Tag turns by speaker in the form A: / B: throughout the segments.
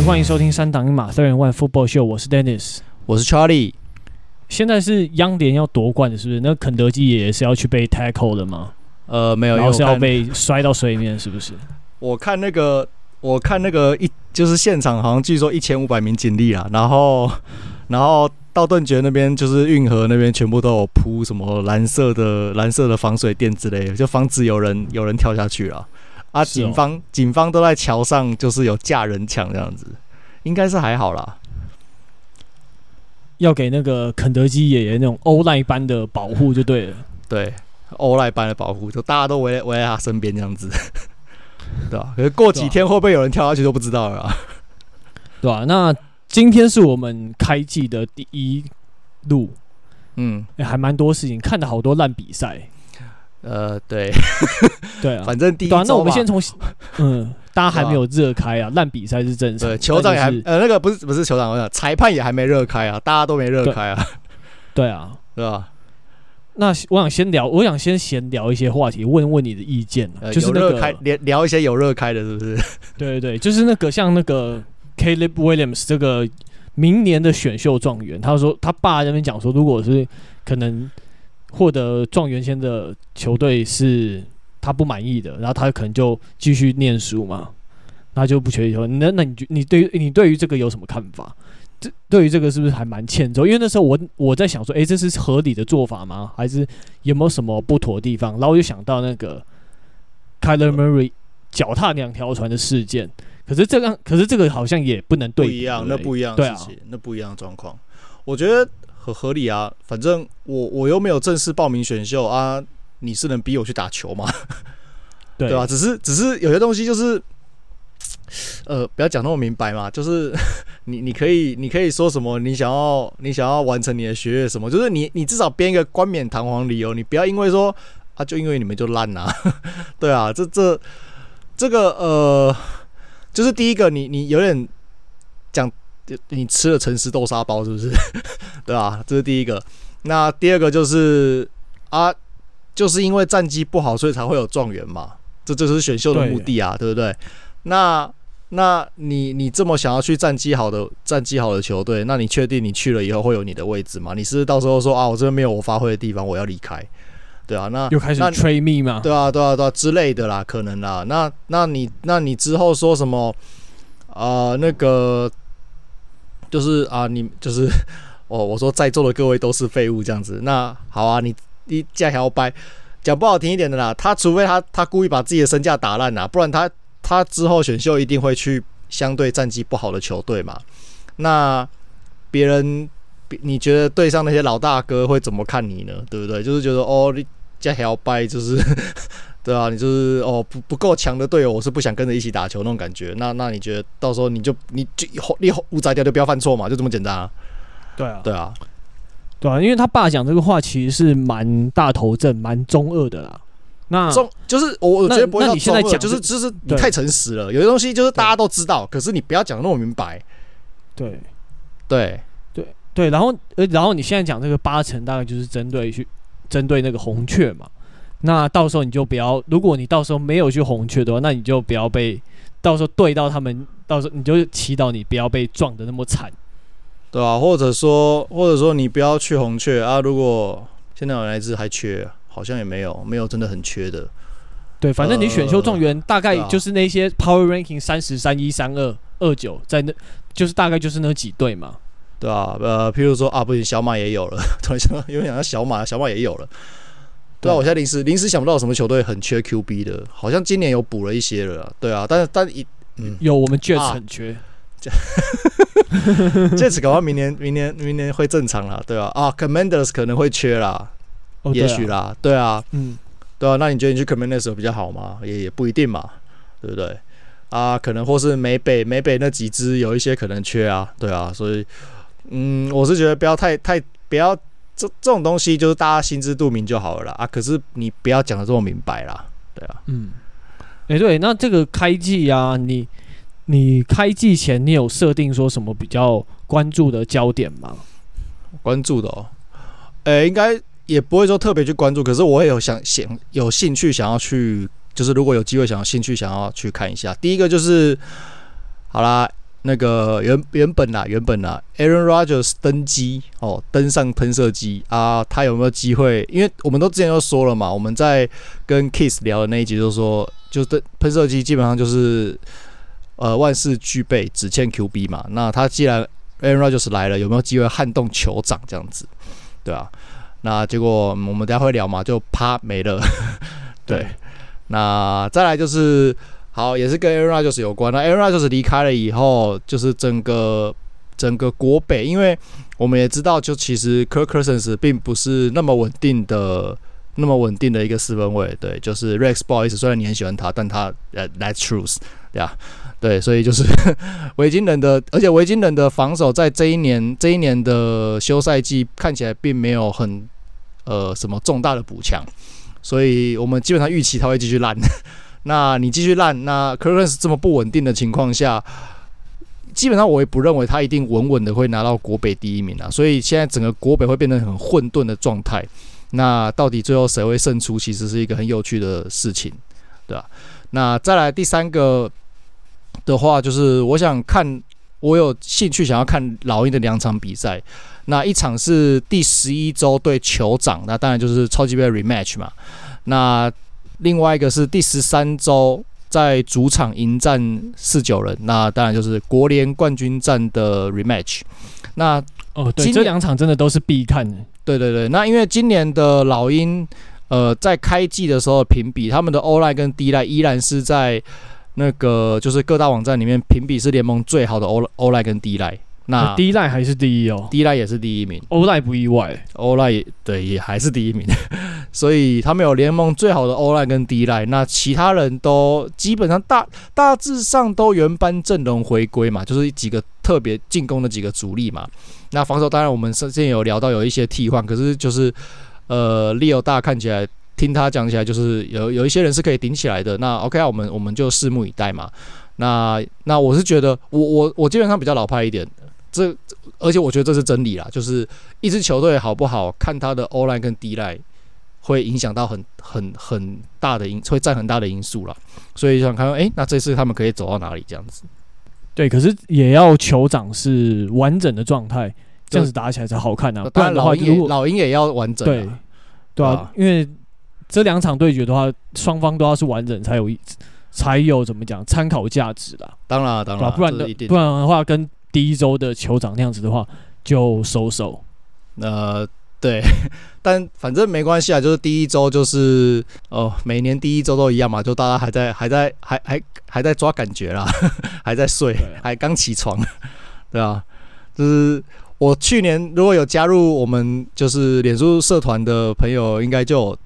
A: 歡迎收聽三檔一碼31 football show，我是 Dennis，我是 Charlie。現在是央聯要奪冠的，是不是？那肯德基也是要去被 tackle 的嗎？呃，沒有，要是要被摔到水裡面、那個，是不是？
B: 我看那個，我看那個一，就是現場好像據說一千五百名警力啊，然後，然後道頓堀那邊，就是運河那邊，全部都有鋪什麼藍色的、藍色的防水墊之類的，就防止有人有人跳下去啊。啊！警方、哦、警方都在橋上，就是有架人牆這樣子，
A: 應該是還好啦。要給那個肯德基爺爺那種 O-line 般的保護就對了。 對，O-line 般的保護，就大家都圍圍在他身邊這樣子， 對吧、啊？可是過幾天會不會有人跳下去都不知道了，對吧、啊啊？那今天是我們開季的第一路，嗯，欸、還蠻多事情，看了好多爛比賽。呃，對， 對、啊，反正第一段。啊、那我們先從，嗯， 大家還沒有熱開啊，爛比賽是正常的。酋長也還，
B: 呃，那個不是不是酋長，我想裁判也還沒熱開啊，大家都沒熱開啊。對啊， 對吧、啊？
A: 那我想先聊，我想先閒聊一些話題，問問你的意見。就是熱開，
B: 聊聊一些有熱開的，是不是？
A: 對對就是那個像那個 Caleb Williams 這個明年的選秀狀元，他說他爸那邊講說，如果是可能。獲得狀元籤的球隊是他不滿意的，然後他可能就繼續念書嘛，那就不缺無術。那那你就你對於你對於這個有什麼看法？這對於這個是不是還蠻欠揍？因為那時候我我在想說，誒、欸，這是合理的做法嗎？還是有沒有什麼不妥的地方？然後我就想到那個 Kyler Murray 腳踏兩條船的事件。可是這個可是這個好像也不能對，不一樣，那不一樣的，對
B: 啊，那不一樣的狀況。我覺得。很合理啊，反正我我又沒有正式報名選秀啊，你是能逼我去打球嗎？
A: 對, 對啊吧？只
B: 是只是有些東西就是，呃，不要講那麼明白嘛，就是你你可以你可以說什麼，你想要你想要完成你的學業什麼，就是你你至少編一個冠冕堂皇理由，你不要因為說啊，就因為你們就爛啊， 對啊，這這這個呃，就是第一個你，你你有點講。你吃了誠實豆沙包是不是？ 對啊，這是第一個。那第二個就是啊，就是因為戰績不好，所以才會有狀元嘛。這就是選秀的目的啊，對，對不對？那那你你這麼想要去戰績好的戰績好的球隊，那你確定你去了以後會有你的位置嗎？你是到時候說啊，我這邊沒有我發揮的地方，我要離開，對啊？那又開始 trade me 嘛？對啊，對啊，對，啊對啊之類的啦，可能啦。那那你那你之後說什麼啊、呃？那個。就是啊，你就是哦。我說在座的各位都是廢物這樣子。那好啊，你你加搖掰，講不好聽一點的啦，他除非他他故意把自己的身價打爛啦，啊，不然他他之後選秀一定會去相對戰績不好的球隊嘛。那別人你覺得隊上那些老大哥會怎麼看你呢？對不對？就是覺得哦，你加搖掰就是。對啊，你就是哦，不不夠強的隊友，我是不想跟着一起打球那種感覺。那那你覺得到時候你就你就你以後不摘掉就不要犯錯嘛，就這麼簡單啊。
A: 對啊，對啊，對啊，因為他爸講這個話其實是蠻大頭症，蠻中二的啦。那
B: 中就是我我覺得不要你現在講，就是就是你太誠實了，有些東西就是大家都知道，可是你不要講那麼明
A: 白。對對對對，然後呃、然後你現在講這個八成大概就是針對去針對那個紅雀嘛。那到時候你就不要，如果你到時候沒有去紅雀的話，那你就不要被到時候對到他們。到時候你就祈禱你不要被撞得那麼慘，
B: 對啊？或者說，或者說你不要去紅雀啊。如果現在有哪隊還缺，好像也沒有，沒有真的很缺的。對，反正你選秀狀元、呃、大概就
A: 是那些 power ranking 三十、三十一、三十二、二十九，在那，就是大概就是那幾隊嘛，
B: 對啊。呃，譬如說啊，不行，小馬也有
A: 了，
B: 因為想到小馬，小馬也有了。對啊，我現在臨時臨時想不到什麼球隊很缺 QB 的，好像今年有補了一些了。對啊，但是但一、嗯、有我們 Jets、啊、很
A: 缺
B: Jets 搞到明年明年明年會正常了，對吧、啊？啊，Commanders 可能會缺啦，
A: 哦、也許啦，對、啊，對啊，嗯，
B: 對啊，那你覺得你去 Commanders 時候比較好嗎？也也不一定嘛，對不對？啊，可能或是美北美北那幾支有一些可能缺啊，對啊，所以嗯，我是覺得不要太太不要。這這種東西就是大家心知肚明就好了啦啊！可是你不要講得這麼明白啦，
A: 對啊，嗯，誒、欸，對，那這個開季啊，你你開季前你有設定說什麼比較關注的焦點嗎？關注的哦，
B: 誒、欸，應該也不會說特別去關注，可是我也有想想有興趣想要去，就是如果有機會，想要興趣想要去看一下。第一個就是好啦。那個原本、啊、原本吶，原本吶，Aaron Rodgers 登機哦，登上噴射機啊，他有沒有機會？因為我們都之前都說了嘛，我們在跟 Kiss 聊的那一集就是說，就登噴射機基本上就是呃萬事俱備，只欠 QB 嘛。那他既然 Aaron Rodgers 來了，有沒有機會撼動酋長這樣子？對啊，那結果我們待會聊嘛，就啪沒了。 對，對，那再來就是。好，也是跟 A-Rod 就是有關。那 A-Rod 就是離開了以後，就是整個整個國北，因為我們也知道，就其實 Kirk Cousins 是並不是那麼穩定的，那麼穩定的一個四分衛。對，就是 Rex，不好意思，雖然你很喜歡他，但他呃 That's truth 呀、yeah,，對，所以就是維京人的，而且維京人的防守在這一年這一年的休賽季看起來並沒有很呃什麼重大的補強，所以我們基本上預期他會繼續爛。那你繼續爛，那 Corrigan 是這麼不穩定的情況下，基本上我也不認為他一定穩穩的會拿到國北第一名啊。所以現在整個國北會變得很混沌的狀態。那到底最後誰會勝出，其實是一個很有趣的事情，對吧？那再來第三個的話，就是我想看，我有興趣想要看老鷹的兩場比賽。那一場是第十一周對酋長，那當然就是超級杯 rematch 嘛。那另外一個是第十三周在主場迎戰四九人，那當然就是國聯冠軍戰的 rematch。
A: 那哦，對，這兩場真的都是必看的。對對
B: 對，那因為今年的老鷹，呃，在開季的時候評比，他們的 O line 跟 D line 依然是在那個就是各大網站裡面評比是聯盟最好的 O O line 跟 D line。那 D-line 還是第一哦、喔，D-line 也是第一名，O-line 不意外，O-line 對也還是第一名， 所以他們有聯盟最好的 O-line 跟 D-line，那其他人都基本上大大致上都原班陣容回歸嘛，就是幾個特別進攻的幾個主力嘛，那防守當然我們是之前有聊到有一些替換，可是就是呃，Leo 大看起來聽他講起來就是有有一些人是可以頂起來的，那 OK 啊，我們我們就拭目以待嘛，那那我是覺得我我我基本上比較老派一點。這而且我覺得這是真理啦，就是一支球隊好不好，看他的 O-line 跟 D-line 會影響到很很很大的因，會占很大的因素啦。所以想看，誒、欸，那這次他們可以走到哪裡這樣子？
A: 對，可是也要球場是完整的狀態，這樣子打起來才好看啊。不然的話，老鷹老鷹也要完整、啊，對對啊，啊，因為這兩場對決的話，雙方都要是完整才有，才有怎麼講參考價值啦。當然當然，不然的的不然的話跟。第一週的酋長那樣子的話，就收手。呃，對，
B: 但反正沒關係啊，就是第一週就是哦、呃，每年第一週都一樣嘛，就大家還在還在還還還在抓感覺啦，呵呵還在睡，啊、還剛起床，對啊，就是我去年如果有加入我們就是臉書社團的朋友應，應該就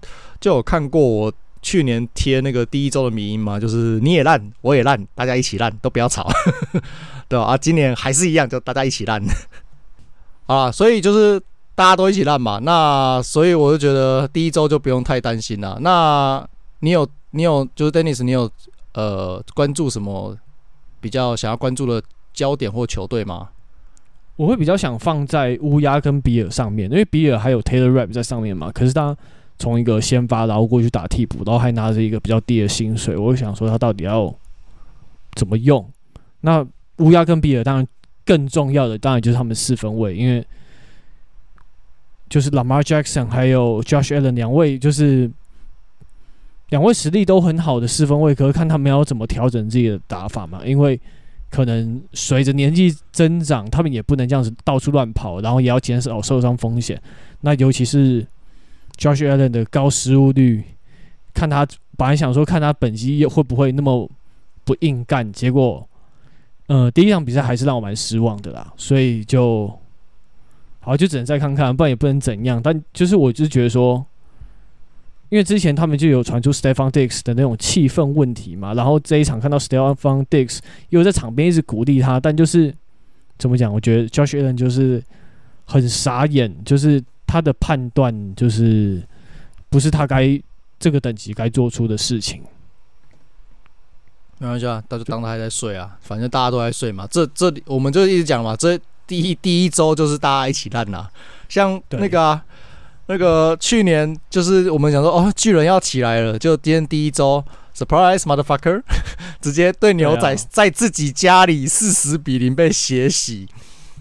B: 就有看過我去年貼那個第一週的迷因嘛，就是你也爛，我也爛，大家一起爛，都不要吵。 對啊，今年還是一樣，就大家一起爛啊， 所以就是大家都一起爛嘛。那所以我就覺得第一周就不用太擔心啦。那你有你有就是 Dennis，你有呃關注什麼比較想要關注的焦點或球隊嗎？
A: 我會比較想放在烏鴉跟比爾上面，因為比爾還有 Taylor Rapp 在上面嘛。可是他從一個先發然後過去打替補，然後還拿着一個比較低的薪水，我會想說他到底要怎麼用那？烏鴉跟比爾，當然更重要的當然就是他們四分衛，因為就是 Lamar Jackson 還有 Josh Allen 兩位，就是兩位實力都很好的四分衛，可是看他們要怎麼調整自己的打法嘛。因為可能隨着年紀增長，他們也不能這樣子到處亂跑，然後也要減少受傷風險。那尤其是 Josh Allen 的高失誤率，看他本來想說，看他本季會不會那麼不硬幹，結果。呃，第一場比賽還是讓我蠻失望的啦，所以就好就只能再看看，不然也不能怎樣。但就是我就覺得說，因為之前他們就有傳出 Stefon Diggs 的那種氣氛問題嘛，然後這一場看到 Stefon Diggs 又在場邊一直鼓勵他，但就是怎麼講，我覺得 Josh Allen 就是很傻眼，就是他的判斷就是不是他該這個等級該做出的事情。
B: 沒關係啊，就當他還在睡啊，反正大家都在睡嘛。這這，我們就一直講嘛。這第一第一周就是大家一起爛吶，像那個、啊、那個去年就是我們講說哦，巨人要起來了，就今天第一周，surprise motherfucker，直接對牛仔在自己家裡四十比零被血洗，哦。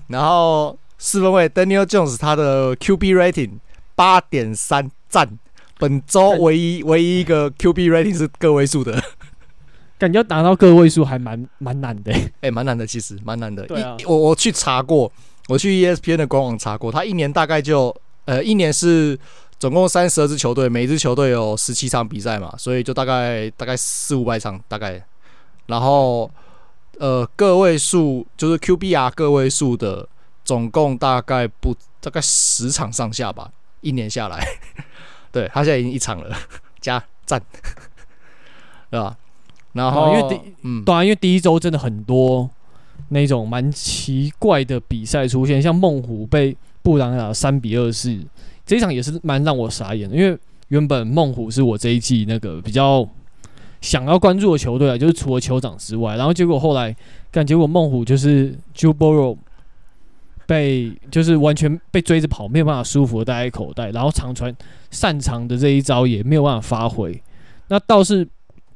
B: 然後四分衛 Daniel Jones 他的 QB rating 八點三，讚。本周唯一唯一一個 QB rating 是個位數的。
A: 你要達到個位數還蠻蠻難的，
B: 誒，蠻難的，其實蠻難的。對啊。我我去查過，我去 ESPN 的官網查過，他一年大概就呃一年是總共三十二支球隊，每支球隊有十七場比賽嘛，所以就大概大概四五百場大概。然後呃個位數就是 QBR 個位數的，總共大概不大概十場上下吧，一年下來。 對他現在已經一場了，加讚，對
A: 吧？然後，哦、因為第當然，因為第一周真的很多那種蠻奇怪的比賽出現，像孟虎被布朗打三比二四，這一場也是蠻讓我傻眼的。因為原本孟虎是我這一季那個比較想要關注的球隊啊，就是除了酋長之外，然後結果後來感覺我孟虎就是 Joe Burrow 被就是完全被追着跑，沒有辦法舒服的待在口袋，然後長傳擅長的這一招也沒有辦法發揮，那倒是。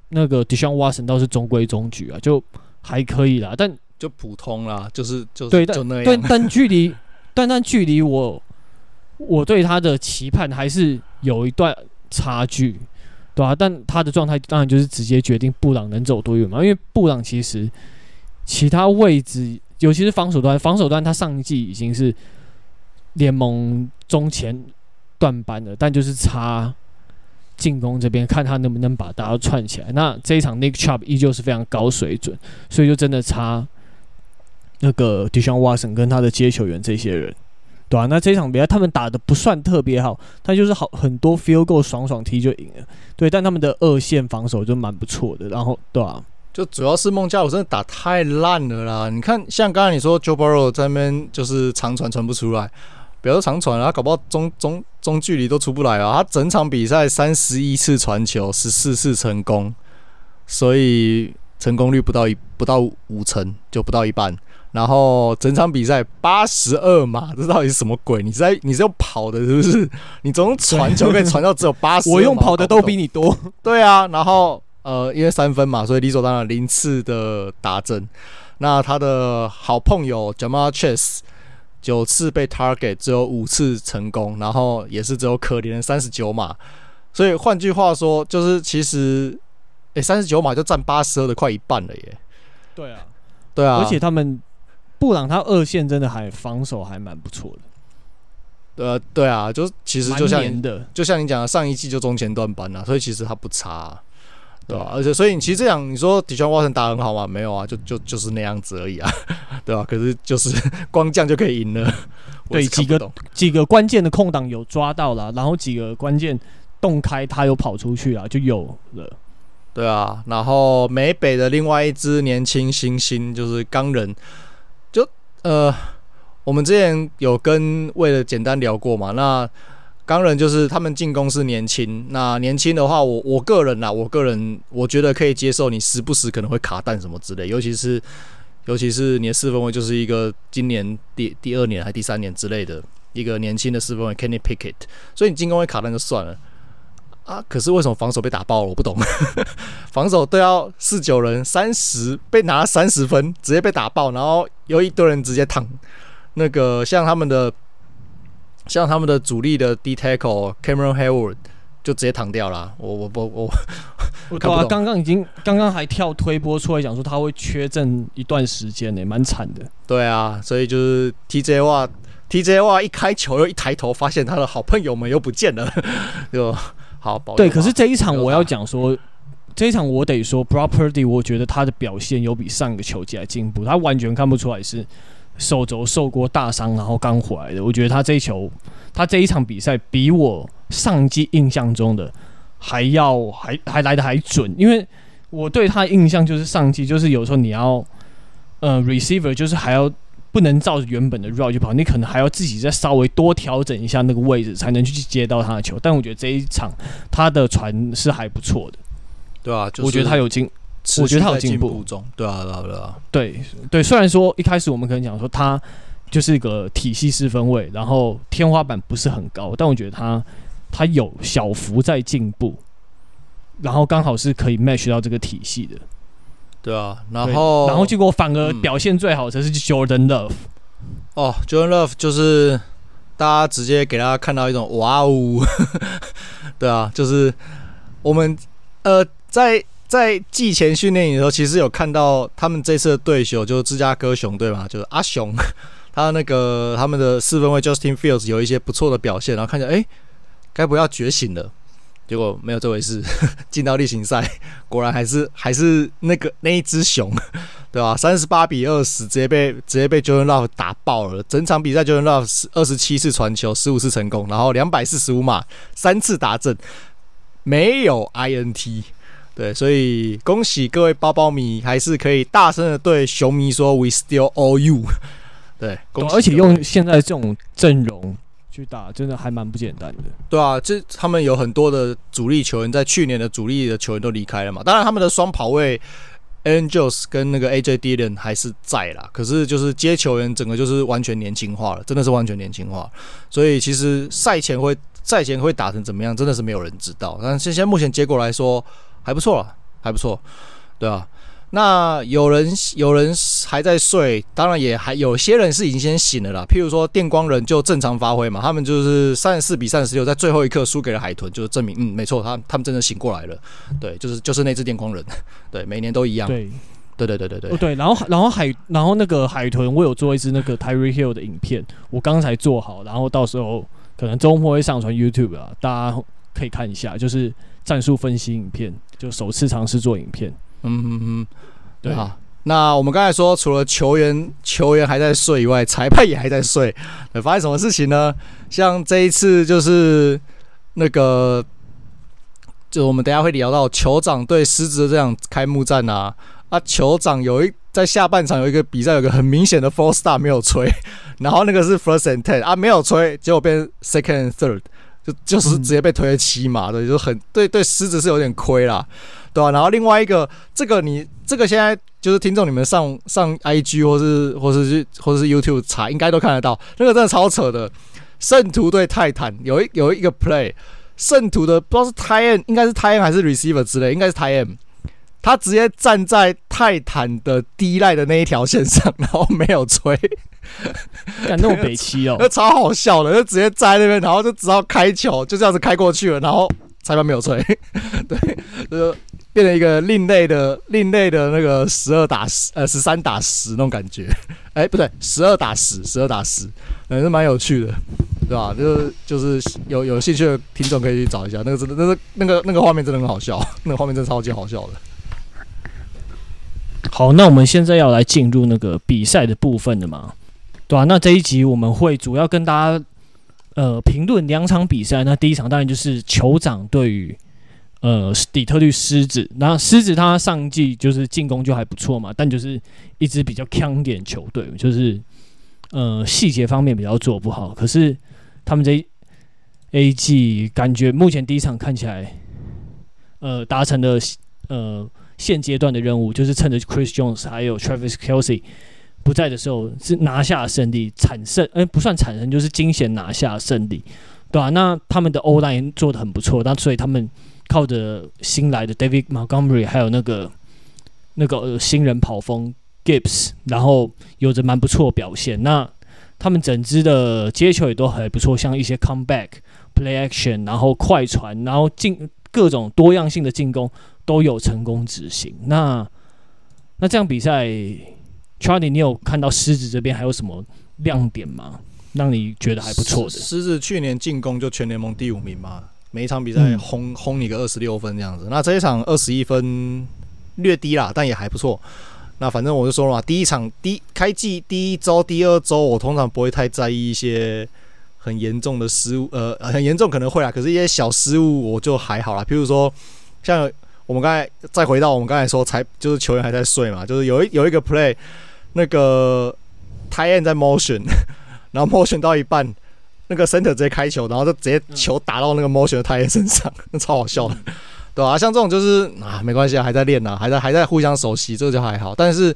A: 那個 Deshaun Watson 倒是中規中矩啊，就還可以啦，但就普通啦，就
B: 是就對，就那對。對距 但距
A: 離，但但距離我，我對他的期盼還是有一段差距，對啊，但他的狀態當然就是直接決定布朗能走多遠嘛，因為布朗其實其他位置，尤其是防守端，防守端他上一季已經是聯盟中前段班了，但就是差。進攻這邊看他能不能把大家都串起來。那這一場 Nick Chubb 依舊是非常高水準，所以就真的差那個 Deshaun Watson 跟他的接球員這些人，對吧、啊？那這場比賽他們打得不算特別好，他就是好很多 field goal 爽爽踢就贏了。對，但他們的二線防守就蠻不錯的。然後，對啊，
B: 就主要是孟加拉我真的打太爛了啦。你看，像剛才你說 Joe Burrow 這邊就是長傳傳不出來。比如說長傳，他搞不好中中中距離都出不來啊！他整場比賽三十一次傳球，十四次成功，所以成功率不到一不到五成，就不到一半。然後整場比賽八十二碼，這到底是什麼鬼？你在你是要跑的，是不是？你從傳球可以傳到只有八十， 我用跑的都比你多。 對啊，然後呃，因為三分嘛，所以理所當然零次的達陣。那他的好朋友 Jamal Chase 九次被 target 只有五次成功，然後也是只有可憐的三十九碼，所以換句話說就是其實，誒，三十九碼就占八十二的快一半了耶。對啊，對啊，而且他
A: 們布朗他二線真的還防守還蠻不錯的。
B: 對啊，對啊，就是其實就像就像你講的，上一季就中前段班了，所以其實他不差。對吧，啊，而且，所以你其實這樣，你說底圈沃森打很好嗎？沒有啊，就就就是那樣子而已啊，對吧，啊，可是
A: 就是光醬就可以贏了。對，幾個幾個關鍵的空檔有抓到了，然後幾個關鍵洞開，他又跑出去了，就有
B: 了。對啊，然後美北的另外一支年輕新星、星就是鋼人，就呃，我們之前有跟為了簡單聊過嘛？那鋼人就是他們進攻是年輕，那年輕的話我，我我個人吶，我個人我覺得可以接受，你時不時可能會卡彈什麼之類，尤其是尤其是你的四分衛，就是一個今年第第二年還第三年之類的一個年輕的四分衛。Kenny Pickett，所以你進攻會卡彈就算了啊，可是為什麼防守被打爆了？我不懂， 防守都要四九人三十被拿三十分，直接被打爆，然後有一堆人直接躺，那個像他們的。像他們的主力的 D tackle Cameron Heyward 就直接躺掉了，我我我我，
A: 哇！剛剛、啊、已經剛剛還跳推波出來講說他會缺陣一段時間呢、欸，蠻慘的。對
B: 啊，所以就是 TJ Watt TJ Watt 一開球又一抬頭發現他的好朋友們又不見了， 就好寶。對，可是
A: 這一場我要講說、嗯，這一場我得說 Property，我覺得他的表現有比上一個球季還進步，他完全看不出來是。手肘受過大傷，然後剛回來的。我覺得他這一球，他這一場比賽比我上季印象中的還要還還來得還準。因為我對他印象就是上季就是有時候你要呃 receiver 就是還要不能照原本的 route 去跑，你可能還要自己再稍微多調整一下那個位置，才能去接到他的球。但我覺得這一場他的傳是還不錯的，對啊、就是，我覺得他有經。我覺得他有進步
B: 中，對啊，對啊，對啊
A: 對，對。雖然說一開始我們可能講說他就是一個體系四分位，然後天花板不是很高，但我覺得他他有小幅在進步，然後剛好是可以 match 到這個體系的。對啊，然後然後結果反而表現最好的是 Jordan Love，嗯。
B: 哦，Jordan Love 就是大家直接給他看到一種哇哦，對啊，就是我們呃在。在季前訓練營的時候，其實有看到他們這次的對手就是芝加哥熊隊嘛，就是阿熊，他那個他們的四分衛 Justin Fields 有一些不錯的表現，然後看起來哎、該、欸、不要覺醒了，結果沒有這回事，進到例行賽，果然還是還是那個那一隻熊，對吧？三十八比二十，直接被直接被 Jordan Love 打爆了。整場比賽 Jordan Love 二十七次傳球，十五次成功，然後兩百四十五碼，三次達陣，沒有 INT。對，所以恭喜各位包包迷，還是可以大聲的對熊迷說 "We still owe you"。 對，恭喜。而且用現在這種
A: 陣容去打，真的還蠻不簡單的。
B: 對啊，這他們有很多的主力球員，在去年的主力的球員都離開了嘛。當然，他們的雙跑位 Angels 跟那個 AJ Dillon 還是在啦。可是就是接球員，整個就是完全年輕化了，真的是完全年輕化。所以其實賽前會賽前會打成怎麼樣，真的是沒有人知道。但是現在目前結果來說。還不錯，還不錯，對啊。那有人有人還在睡，當然也還有些人是已經先醒了啦。譬如說電光人就正常發揮嘛，他們就是三十四比三十六，在最後一刻輸給了海豚，就是證明，嗯，沒錯，他他們真的醒過來了。對，就是就是那隻電光人。對，每年都一樣。對，對對對對對
A: 對。然後然後海然後那個海豚，我有做一支那個 Tyreek Hill 的影片，我剛才做好，然後到時候可能週末會上傳 YouTube 啦，大家可以看一下，就是戰術分析影片。就首次嘗試做影片，嗯哼哼，
B: 對啊。那我們剛才說，除了球員球員還在睡以外，裁判也還在睡。對發生什麼事情呢？像這一次就是那個，就我們等下會聊到酋長對獅子這樣開幕戰啊啊，酋長有一在下半場有一個比賽，有個很明顯的 false start 沒有吹，然後那個是 first and ten 啊沒有吹，結果變 second and third。就就是直接被推了七碼的，就很對對獅子是有點虧啦，對吧、啊？然後另外一個，這個你這個現在就是聽眾你們上上 IG 或是或是去或者是 YouTube 查，應該都看得到，那個真的超扯的。聖徒對泰坦有一有一個 play，聖徒的不知道是 tight end 應該是 tight end 還是 receiver 之類，應該是 tight end。他直接站在泰坦的 D-line 的那一條線上，然後沒有吹，感動北七哦，那超好笑的，就直接站在那邊，然後就只要開球就這樣子開過去了，然後裁判沒有吹，對，呃，變成一個另類的、另類的那個十二打十呃十三打十那種感覺，哎，不對，十二打十，十二打十，反、嗯、正蠻有趣的，對吧？就是就是有有興趣的聽眾可以去找一下那個真的，那個那個那個畫面真的很好笑，那個畫面真的超級好笑的。
A: 好，那我們現在要來進入那個比賽的部分了嘛，對吧、啊？那這一集我們會主要跟大家，呃，評論兩場比賽。那第一場當然就是酋長對於呃底特律獅子，然後獅子它上一季就是進攻就還不錯嘛，但就是一支比較強點球隊，就是呃細節方面比較做不好。可是他們這一季感覺目前第一場看起來，呃，達成的呃。現階段的任務就是趁着 Chris Jones 還有 Travis Kelsey 不在的時候，是拿下了勝利，產生哎、欸、不算產生，就是驚險拿下勝利，對吧、啊？那他們的 O line 做得很不錯，那所以他們靠着新來的 David Montgomery 還有那個那個新人跑鋒 Gibbs，然後有着蠻不錯表現。那他們整支的接球也都還不錯，像一些 Comeback Play Action，然後快傳，然後進各種多樣性的進攻。都有成功執行。那那這樣比賽，Charlie，你有看到獅子這邊還有什麼亮點嗎？嗯、讓你覺得還不錯的
B: 獅子，去年進攻就全聯盟第五名嘛，每一場比賽轟轟你個二十六分這樣子。嗯、那這一場二十一分略低啦，但也還不錯。那反正我就說了嘛，第一場第一開季第一周、第二周，我通常不會太在意一些很嚴重的失誤，呃，很嚴重可能會啦。可是，一些小失誤我就還好啦。譬如說像。我們剛才再回到我們剛才說，才就是球員還在睡嘛，就是有一有一個 play，那個 tight end 在 motion，然後 motion 到一半，那個 center 直接開球，然後就直接球打到那個 motion 的 tight end 身上，那超好笑的，對啊，像這種就是啊，沒關係啊，還在練啊，還在還在互相熟悉，這個就還好。但是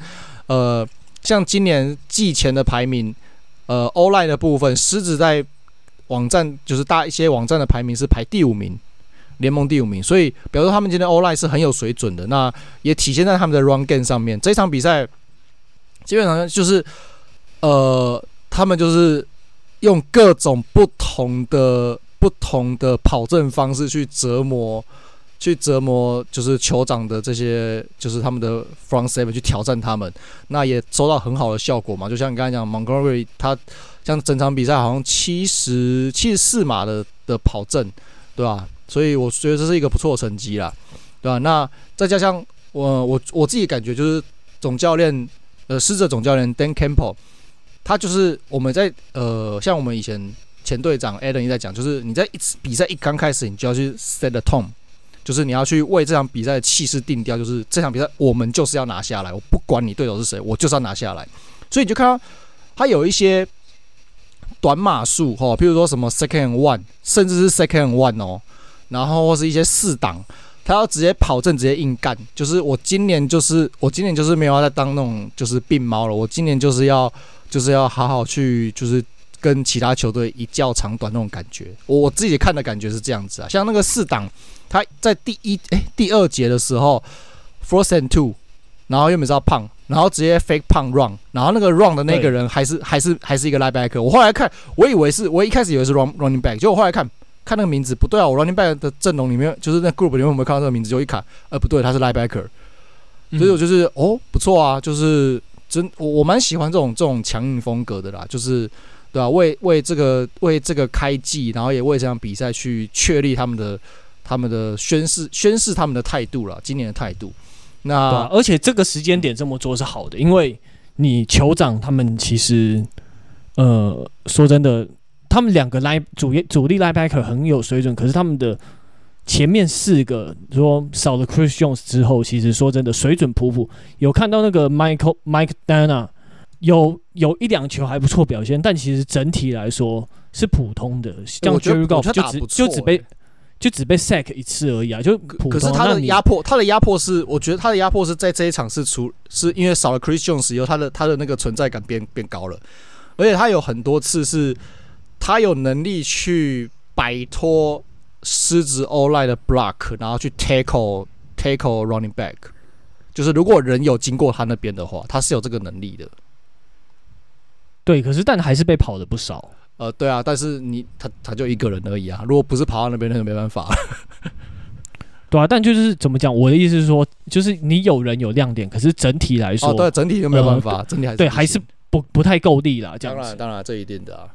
B: 呃，像今年季前的排名，呃，O-line 的部分，獅子在網站就是大一些網站的排名是排第五名，聯盟第五名，所以，比如說他們今天 O-Line 是很有水準的，那也體現在他們的 Run Game 上面。這場比賽基本上就是，呃，他們就是用各種不同的、不同的跑陣方式去折磨、去折磨，就是酋長的這些，就是他們的 Front Seven 去挑戰他們。那也收到很好的效果嘛？就像你剛才講，Montgomery 他像整場比賽好像七十七十四碼的的跑陣，對吧、啊？所以我覺得這是一個不錯的成績啦，對吧、啊？那再加上、呃、我我我自己感覺就是總教練呃，獅子總教練 Dan Campbell，他就是我們在呃，像我們以前前隊長 Alan 也在講，就是你在一次比賽一剛開始，你就要去 set the tone，就是你要去為這場比賽的氣勢定調，就是這場比賽我們就是要拿下來，我不管你對手是誰，我就是要拿下來。所以你就看到他有一些短碼數哈，譬如說什麼 second one，甚至是 second one 哦。然後或是一些四檔，他要直接跑陣，直接硬幹。就是我今年就是我今年就是沒有要再當那種就是病貓了。我今年就是要就是要好好去就是跟其他球隊一較長短那種感覺。我自己看的感覺是這樣子啊。像那個四檔，他在第一哎第二節的時候 first and two，然後又沒知道 punt，然後直接 fake punt run，然後那個 run 的那個人還是還是還是，還是一個 linebacker。我後來看，我以為是我一開始以為是 running running back，結果我後來看。看那個名字不對啊，我 running back 的陣容裡面，就是在 group 裡面有沒有看到這個名字？就一卡，呃、啊，不對，他是 linebacker，所以我就是，哦，不錯啊，就是真，我我蠻喜歡這種這種強硬風格的啦，就是，對啊，為為這個為這個開季，然後也為這場比賽去確立他們的他們的宣示宣示他們的態度啦，今年的態度。
A: 那、啊、而且這個時間點這麼做是好的，因為你酋長他們其實，呃，說真的。他們兩個拉，主力主力 linebacker 很有水準，可是他們的前面四個說少了 Chris Jones 之後，其實說真的水準普普。有看到那個 Michael Mike Dana，有有一兩球還不錯表現，但其實整體來說是普通的。這樣子預告就只、欸得得欸，就只被就只被 sack 一次而已啊，就普通。可是他的壓
B: 迫，他的壓迫是，我覺得他的壓迫是在這一場是除是因為少了 Chris Jones 以後，他的他的那個存在感變變高了，而且他有很多次是。他有能力去擺脫獅子 O-Line 的 block，然後去 tackle tackle running back，就是如果人有經過他那邊的話，他是有這個能力的。
A: 對，可是但還是被跑了不少。
B: 呃，對啊，但是你他他就一個人而已啊，如果不是跑
A: 到那邊，那就沒辦法。對啊，但就是怎麼講？我的意思是說，就是你有人有亮點，可是整體來說，哦、對，整體就沒有辦法，呃、整體還是對，還是不不太夠力
B: 了。當然，當然這一定的、啊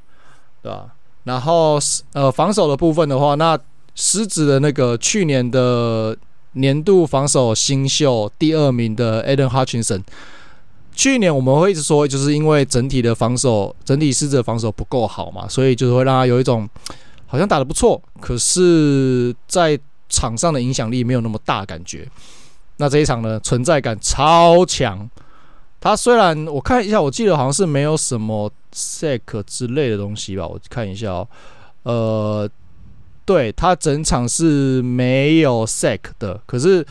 A: 對吧？然後，呃，防守的部分的話，
B: 那獅子的那個去年的年度防守新秀第二名的 Aidan Hutchinson，去年我們會一直說，就是因為整體的防守，整體獅子的防守不夠好嘛，所以就是會讓他有一種好像打得不錯，可是在場上的影響力沒有那麼大感覺。那這一場呢，存在感超強。他雖然我看一下，我記得好像是沒有什麼。Sack 之類的東西吧，我看一下哦。呃，對他整場是沒有 Sack 的，可是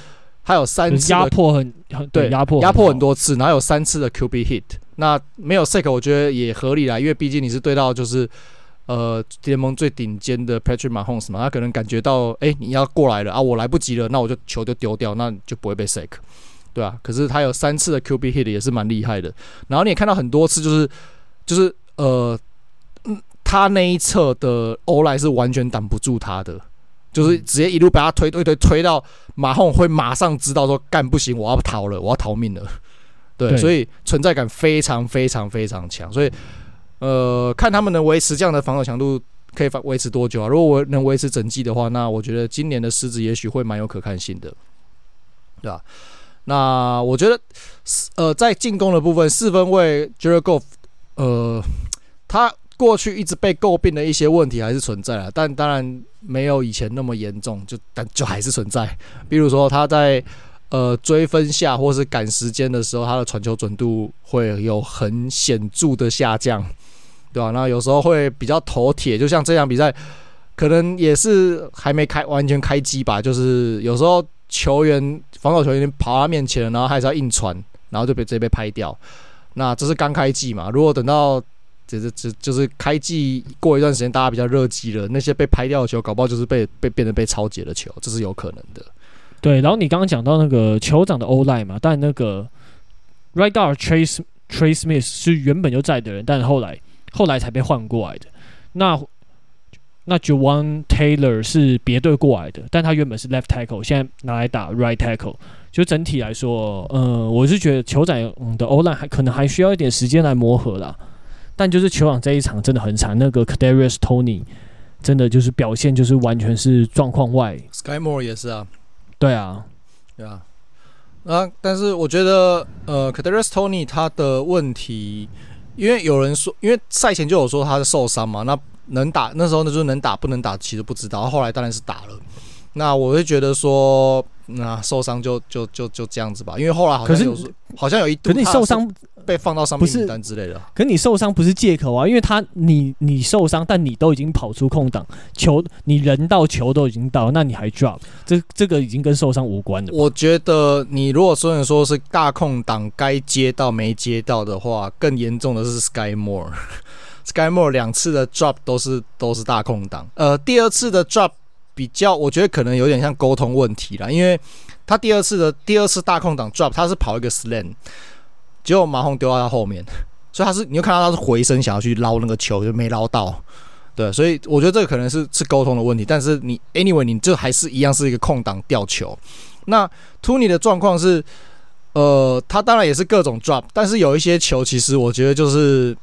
B: 他有三次壓迫很
A: 很對，壓迫壓迫很
B: 多次，然後有三次的 QB hit。那沒有 Sack 我覺得也合理啦，因為畢竟你是對到就是呃聯盟最頂尖的 Patrick Mahomes 嘛，他可能感覺到誒、欸，你要過來了啊，我來不及了，那我就球就丟掉，那就不會被 Sack 對吧，啊？可是他有三次的 QB hit 也是蠻厲害的，然後你也看到很多次就是。就是呃，嗯，他那一側的歐萊是完全擋不住他的，就是直接一路把他推、推推推到馬後會馬上知道說幹不行，我要逃了，我要逃命了。對，對，所以存在感非常非常非常強。所以呃，看他們能維持這樣的防守強度可以維持多久啊？如果我能維持整季的話，那我覺得今年的獅子也許會蠻有可看性的。對啊，那我覺得呃，在進攻的部分四分衛 Jared Goff 呃，他過去一直被詬病的一些問題還是存在啊，但當然沒有以前那麼嚴重，就但就還是存在。比如說他在呃追分下或是趕時間的時候，他的傳球準度會有很顯著的下降，對吧？那有時候會比較頭鐵，就像這場比賽可能也是還沒開完全開機吧，就是有時候球員防守球員跑他面前，然後他還是要硬傳，然後就被直接被拍掉。那這是剛開季嘛？如果等到，就是這就是開季過一段時間，大家比較熱機了，那些被拍掉的球，搞不好就是被被變成被抄截的球，這是有可能的。
A: 對，然後你剛剛講到那個酋長的歐賴嘛，但那個 Right Guard Trey Trey Smith 是原本就在的人，但後來後來才被換過來的。那那 Jawaan Taylor 是別隊過來的，但他原本是 Left Tackle，現在拿來打 Right Tackle。就整體來說，呃，我是覺得球仔的 O-line 還可能還需要一點時間來磨合啦。但就是球網這一場真的很慘，那個 Kadarius Toney 真的就是表現就是完全是狀況外。
B: Skyy Moore 也是啊，
A: 對啊，對、
B: yeah. 啊。那但是我覺得，呃，Kadarius Toney 他的問題，因為有人說，因為賽前就有說他的受傷嘛，那能打那時候那就是能打不能打，其實不知道。後來當然是打了。那我會覺得說。那、嗯啊、受傷就就就就這樣子吧，因為後來好像有好像有一，可是你受傷
A: 被放到上面名單之類的。可是你受傷不是借口啊，因為他你你受傷，但你都已經跑出空檔，球你人到球都已經到，那你還 drop，這這個已經跟受傷無關
B: 了。我覺得你如果雖然說是大空檔該接到沒接到的話，更嚴重的是 Sky Moore，Sky Moore 兩 次的 drop 都是都是大空檔，呃，第二次的 drop。比較，我覺得可能有點像溝通問題了，因為他第二次的第二次大空檔 drop，他是跑一個 slant，結果馬洪丟到他後面，所以他是，你又看到他是回身想要去撈那個球，就沒撈到，對，所以我覺得這個可能是是溝通的問題，但是你 anyway，你就還是一樣是一個空檔掉球。那 Toney 的狀況是，呃，他當然也是各種 drop，但是有一些球其實我覺得就是。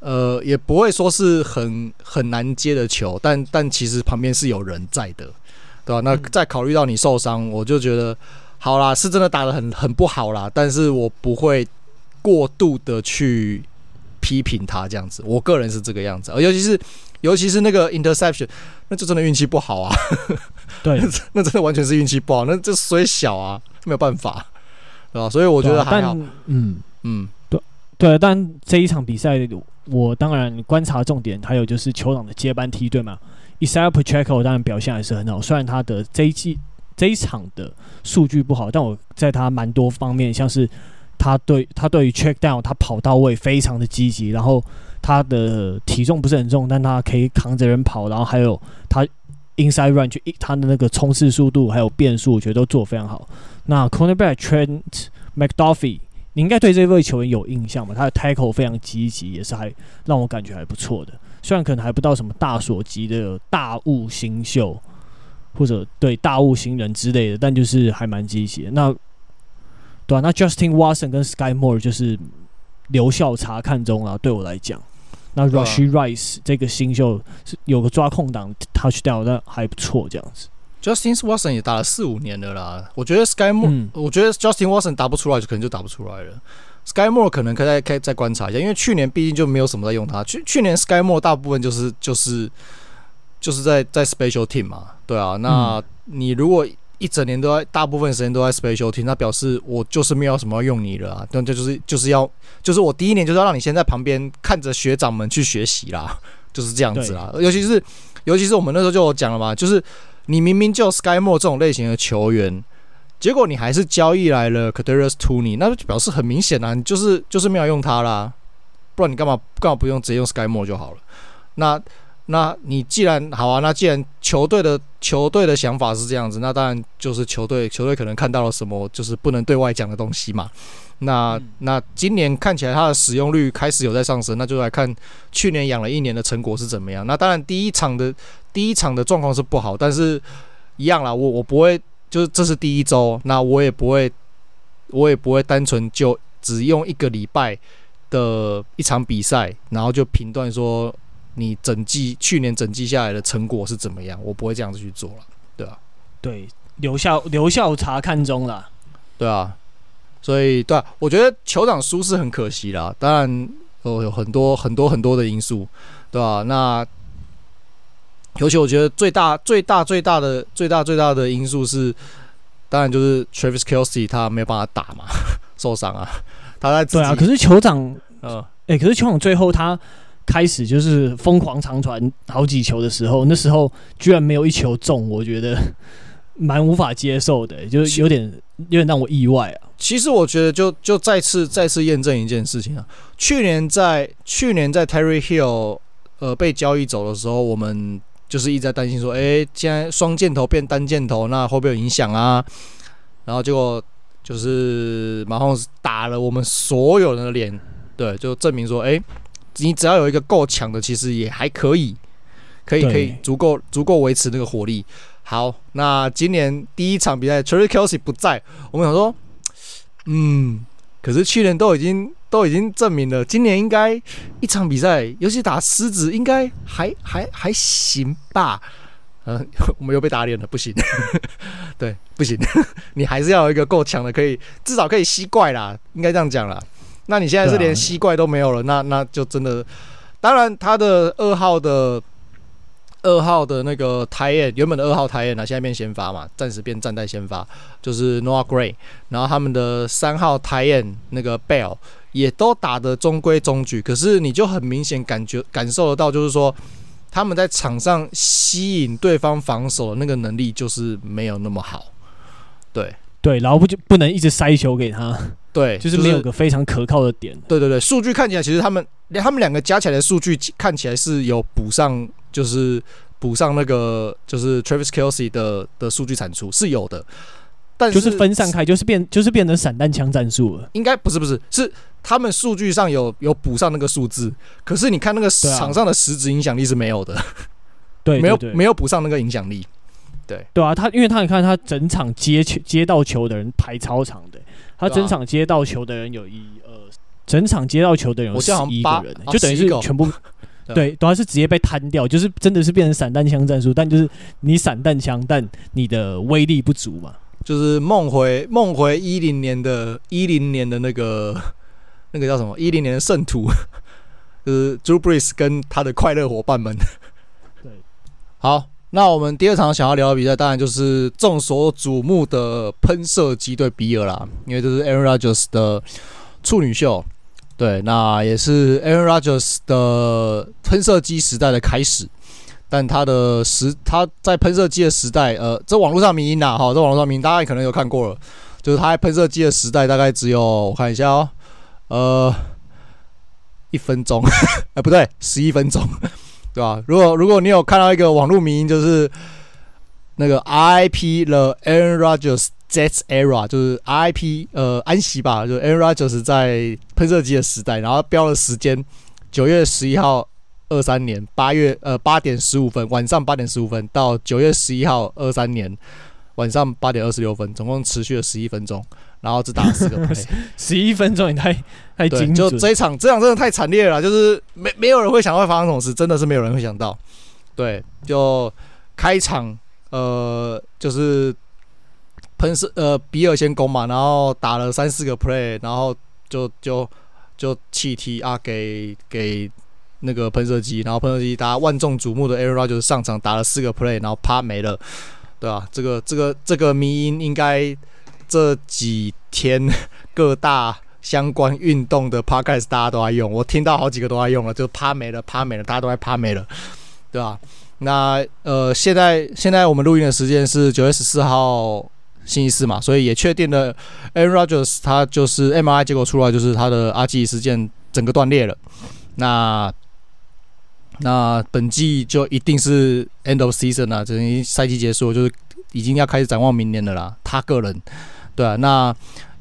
B: 呃，也不會說是很很難接的球，但但其實旁邊是有人在的，對吧、啊？那再考慮到你受傷，嗯、我就覺得好啦，是真的打得很很不好啦。但是我不會過度的去批評他這樣子，我個人是這個樣子。而尤其是尤其是那個 interception，那就真的運氣不好啊。
A: 對，
B: 那真的完全是運氣不好，那這衰小啊，沒有辦法，對吧、啊？所以我覺得還好，
A: 嗯、啊、嗯。嗯對，但這一場比賽，我當然觀察重點還有就是酋長的接班梯隊嘛。Isiah Pacheco 當然表現還是很好，雖然他的這一季，這一場的數據不好，但我在他蠻多方面，像是他對他對於 checkdown，他跑到位非常的積極，然後他的體重不是很重，但他可以扛着人跑，然後還有他 inside run，一，他的那個衝刺速度還有變速，我覺得都做得非常好。那 Cornerback Trent McDuffie。你應該對這位球員有印象吧？他的 tackle 非常積極，也是還讓我感覺還不錯的。雖然可能還不到什麼大所級的大物新秀，或者對大物新人之類的，但就是還蠻積極的。那對啊，那 Justin Watson 跟 Sky Moore 就是留校察看中啊。對我來講，那 Rushy Rice 這個新秀是有個抓空檔 Touchdown，但還不錯這樣子。
B: Justin Watson 也打了四五年了啦，我覺得 Sky Moore，、嗯、我覺得 Justin Watson 打不出來就可能就打不出來了。Sky Moore 可能可以再可以再觀察一下，因為去年畢竟就沒有什麼在用他。去去年 Sky Moore 大部分就是就是就是在在 Special Team 嘛，對啊。那你如果一整年都在大部分時間都在 Special Team，那表示我就是沒有什麼要用你的啊。但這就是就是要就是我第一年就是要讓你先在旁邊看着學長們去學習啦，就是這樣子啦。尤其是尤其是我們那時候就有講了嘛，就是。你明明就 Skyy Moore 這種類型的球員，結果你還是交易來了 Kadarius Toney，Kateris, Tune，那就表示很明顯啊，你就是就是沒有用它，啦，不然你幹嘛幹嘛不用直接用 Skyy Moore 就好了。那那你既然好啊，那既然球隊的球隊的想法是這樣子，那當然就是球隊球隊可能看到了什麼就是不能對外講的東西嘛。那、嗯、那今年看起來它的使用率開始有在上升，那就來看去年養了一年的成果是怎麼樣。那當然第一場的。第一場的狀況是不好，但是一樣啦。我我不會，就是這是第一周，那我也不會，我也不會單純就只用一個禮拜的一場比賽，然後就評斷說你整季去年整季下來的成果是怎麼樣。我不會這樣子去做了，對吧，啊？
A: 對，留校留校察看中了，
B: 對啊。所以對、啊，我覺得酋長輸是很可惜啦。當然，哦、呃，有很多很多很多的因素，對吧，啊？那。尤其我覺得最大、最大、最大的、最大、最大的因素是，當然就是 Travis Kelce 他沒有辦法打嘛，受傷啊，
A: 他在對啊，可是酋長，呃，誒、欸，可是酋長最後他開始就是瘋狂長傳好幾球的時候，那時候居然沒有一球中，我覺得蠻無法接受的、欸，就是有點有點讓我意外啊。
B: 其實我覺得就就再次再次驗證一件事情啊，去年在去年在 Tyreek Hill 呃被交易走的時候，我們。就是一直在擔心說，誒、欸，現在雙箭頭變單箭頭，那會不會有影響啊？然後結果就是馬上打了我們所有人的臉，對，就證明說，誒、欸，你只要有一個夠強的，其實也還可以，可以可以足夠足夠維持那個火力。好，那今年第一場比賽 Travis Kelce 不在，我們想說，嗯，可是去年都已經。都已經證明了，今年應該一場比賽，尤其打獅子，應該還還還行吧？嗯、呃，我們又被打臉了，不行， 對，不行， 你還是要有一個夠強的，可以至少可以吸怪啦，應該這樣講啦。那你現在是連吸怪都沒有了，啊、那那就真的，當然他的二號的。二號的那個 Tight End 原本的二號 Tight End 啊，現在變先發嘛，暫時變站代先發，就是 Noah Gray，然後他們的三號 Tight End 那個 Bell 也都打得中規中矩，可是你就很明顯感覺感受得到，就是說他們在場上吸引對方防守的那個能力就是沒有那麼好，對
A: 對，然後不就不能一直塞球給他，
B: 對，就是、就是、沒有個非常可靠的點，對對對，數據看起來其實他們連他們兩個加起來的數據看起來是有補上。就是補上那個，就是 Travis Kelsey 的的數據產出是有的，
A: 但就是分散開，就是變，就是變成散彈槍戰術了。
B: 應該不是，不是，是他們數據上有有補上那個數字，可是
A: 你看那個場上的實質影響力是沒有的，對，啊對，對，對，沒有，沒有補上那個影響力。對，對啊，他因為他你看他整場接球接到球的人排超長的，
B: 他整場
A: 接到球的人有一呃，整場接到球的人好像八個人，8, 就等於是全部。啊對，都要是直接被攤掉，就是真的是變成散彈槍戰術，但就是你散彈槍，但你的威力不足嘛。
B: 就是夢回夢回一零年的，一零年的那個那個叫什麼？一、嗯、零年的聖徒，就是 Drew Brees 跟他的快樂夥伴們。對，好，那我們第二場想要聊的比賽，當然就是眾所矚目的噴射機對比爾啦，因為這是 Aaron Rodgers 的處女秀。對，那也是 Aaron Rodgers 的噴射機時代的開始，但他的時他在噴射機的時代，呃，這網絡上迷因啊，哈，這網絡上迷因，大家可能有看過了，就是他在噴射機的時代，大概只有我看一下哦，呃，一分鐘，哎、 欸，不對，十一分鐘，對吧？如果如果你有看到一個網絡迷因，就是那個 I P 了 Aaron Rodgers。Jets Era 就是 RIP 呃安息吧，就是 Aaron Rodgers 就是在噴射機的時代，然後標了時間九月十一號二三年八月呃八點十五分晚上八點十五分到九月十一號二三年晚上八點二十六分，總共持續了十一分鐘，然後只打了四個 play。十 一分鐘你太太精對，就這一場這場真的太慘烈了啦，就是沒沒有人會想到會發生什麼事，真的是沒有人會想到，對，就開場呃就是。噴射呃，比爾先攻嘛，然後打了三四個 play，然後就就就棄踢啊，給給那個噴射機，然後噴射機大家萬眾矚目的 Aaron Rodgers 就是上場打了四個 play，然後趴沒了，對吧、啊？這個這個這個迷因應該這幾天各大相關運動的 podcast 大家都在用，我聽到好幾個都在用了，就趴沒了趴沒了，大家都在趴沒了，對吧、啊？那呃，現在現在我們錄音的時間是九月十四號。星期四嘛，所以也確定了，Aaron Rodgers 他就是 MRI 結果出來，就是他的阿基里斯腱整個斷裂了，嗯。那那本季就一定是 End of Season 啊，等於賽季結束，就是已經要開始展望明年了啦。他個人，對啊，那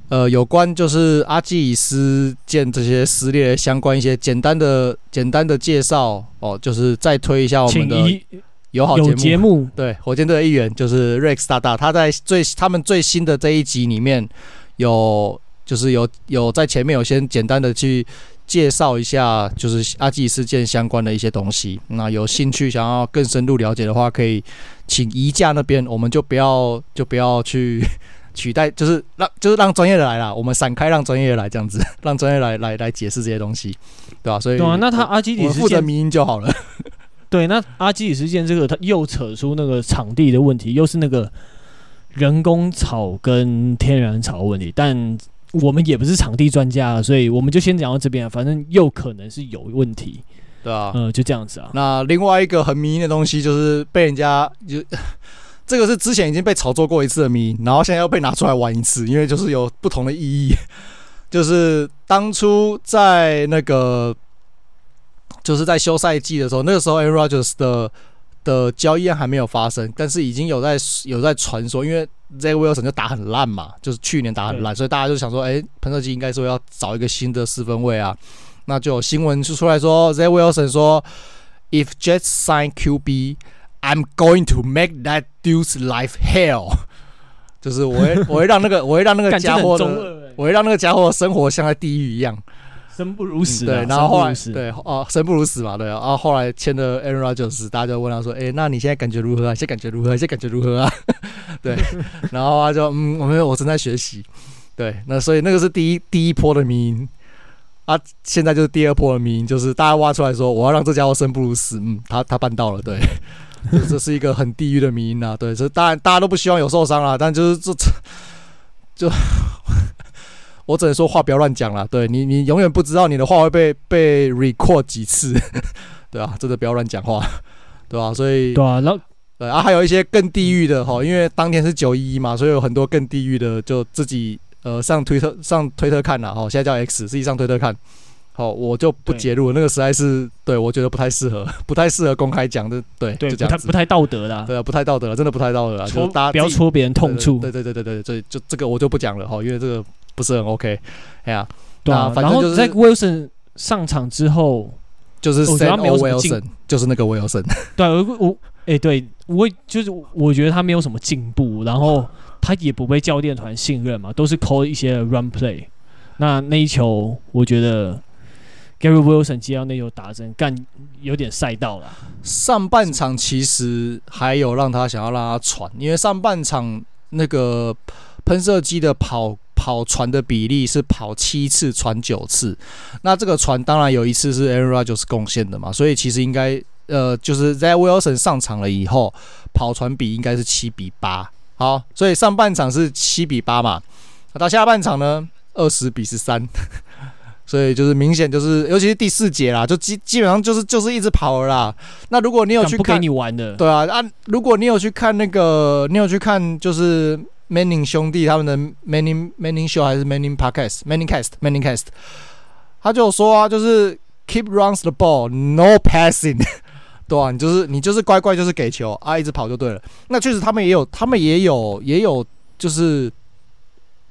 B: 呃有關就是阿基里斯腱這些撕裂相關一些簡單的簡單的介紹哦，就是再推一下我們的。有好節目，目，對火箭隊的一員就是 Rex 大大，他在最他們最新的這一集裡面有，就是有有在前面有先簡單的去介紹一下，就是阿基里斯腱相關的一些東西。那有興趣想要更深入了解的話，可以請移駕那邊，我們就不要就不要去取代，就是讓就是讓專業的來啦，我們閃開讓專業的來這樣子，讓專業來來來解釋這些東西，對吧、啊？所以對啊，那他阿基里斯我負責配音就好了。
A: 對，那阿基里事件這個，他又扯出那個場地的問題，又是那個人工草跟天然草的問題，但我們也不是場地專家，所以我們就先講到這邊啊，反正又可能是有問題，對啊，嗯，就這樣子啊。
B: 那另外一個很迷的東西就是被人家，就這個是之前已經被炒作過一次的迷，然後現在又被拿出來玩一次，因為就是有不同的意義，就是當初在那個，就是在休賽季的時候，那個時候 Aaron Rodgers 的的交易案還沒有發生，但是已經有在有在傳說，因為 Z Wilson 就打很爛嘛，就是去年打很爛，所以大家就想說，哎、欸，噴射機應該是要找一個新的四分衛啊。那就有新聞就出來說，Z Wilson 說 ，If Jets sign QB，I'm going to make that dude's life hell， 就是我會我會讓那個我會讓那個家伙我會讓那個家伙生活像在地獄一樣。
A: 生不如死，啊，嗯，對，然後後來，對，哦、
B: 啊，生不如死嘛，對，然、啊、後，後來簽的 Aaron Rodgers，大家就問他說，哎、欸，那你現在感覺如何？啊？現在感覺如何？現在感覺如何啊？何啊 對，然後他就，嗯，我沒有，我正在學習，對，那所以那個是第一第一波的迷因，啊，現在就是第二波的迷因，就是大家挖出來說，我要讓這家伙生不如死，嗯，他他辦到了，對， 這是一個很地獄的迷因啊，對，這當然大家都不希望有受傷啊，但就是這，就。就 我只能說話不要亂講了，對你，你永遠不知道你的話會被被 record 幾次， 對啊，真的不要亂講話， 對吧、啊？所以對啊，然後對啊，還有一些更地獄的哈，因為當天是九一一嘛，所以有很多更地獄的就自己呃上推特上推特看了哈，現在叫 X，自己上推特看，好，我就不揭露那個，實在是對我覺得不太適合， 不太適合公開講，對對，不太不太道德了，對啊，不太道德了，真的不太道德了，就大家不要戳別人痛處，對對對對對對，就這個我就不講了哈，因為這個。不是很
A: OK，哎呀、啊，對啊，啊反正、就是，然後在 Wilson 上場之後，就是誰主、哦、沒有 Wilson，
B: 就是那個 Wilson，
A: 對，我我哎、欸，對，我就是我覺得他沒有什麼進步，然後他也不被教練團信任嘛，都是 call 一些 run play。那那一球，我覺得 Gary Wilson 接到那球打針，幹有點賽道了。上半場其實還有讓他想要讓他
B: 喘，因為上半場那個噴射機的跑。跑船的比例是跑七次傳九次，那這個傳當然有一次是 Aaron Rodgers 就是貢獻的嘛，所以其實應該呃就是 Zach Wilson 上場了以後，跑船比應該是七比八，好，所以上半場是七比八嘛，到下半場呢二十比十三， 所以就是明顯就是尤其是第四節啦，就基基本上就是就是一直跑了啦，那如果你有去看不給你玩的，對啊，那、啊、如果你有去看那個，你有去看就是。Manning 兄弟他們的 Manning Manning Show 還是 Manning Podcast Manning Cast Manning Cast，他就說啊，就是 Keep runs the ball no passing， 對啊，你就是你就是乖乖就是給球啊，一直跑就對了。那確實他們也有，他們也有，也有就是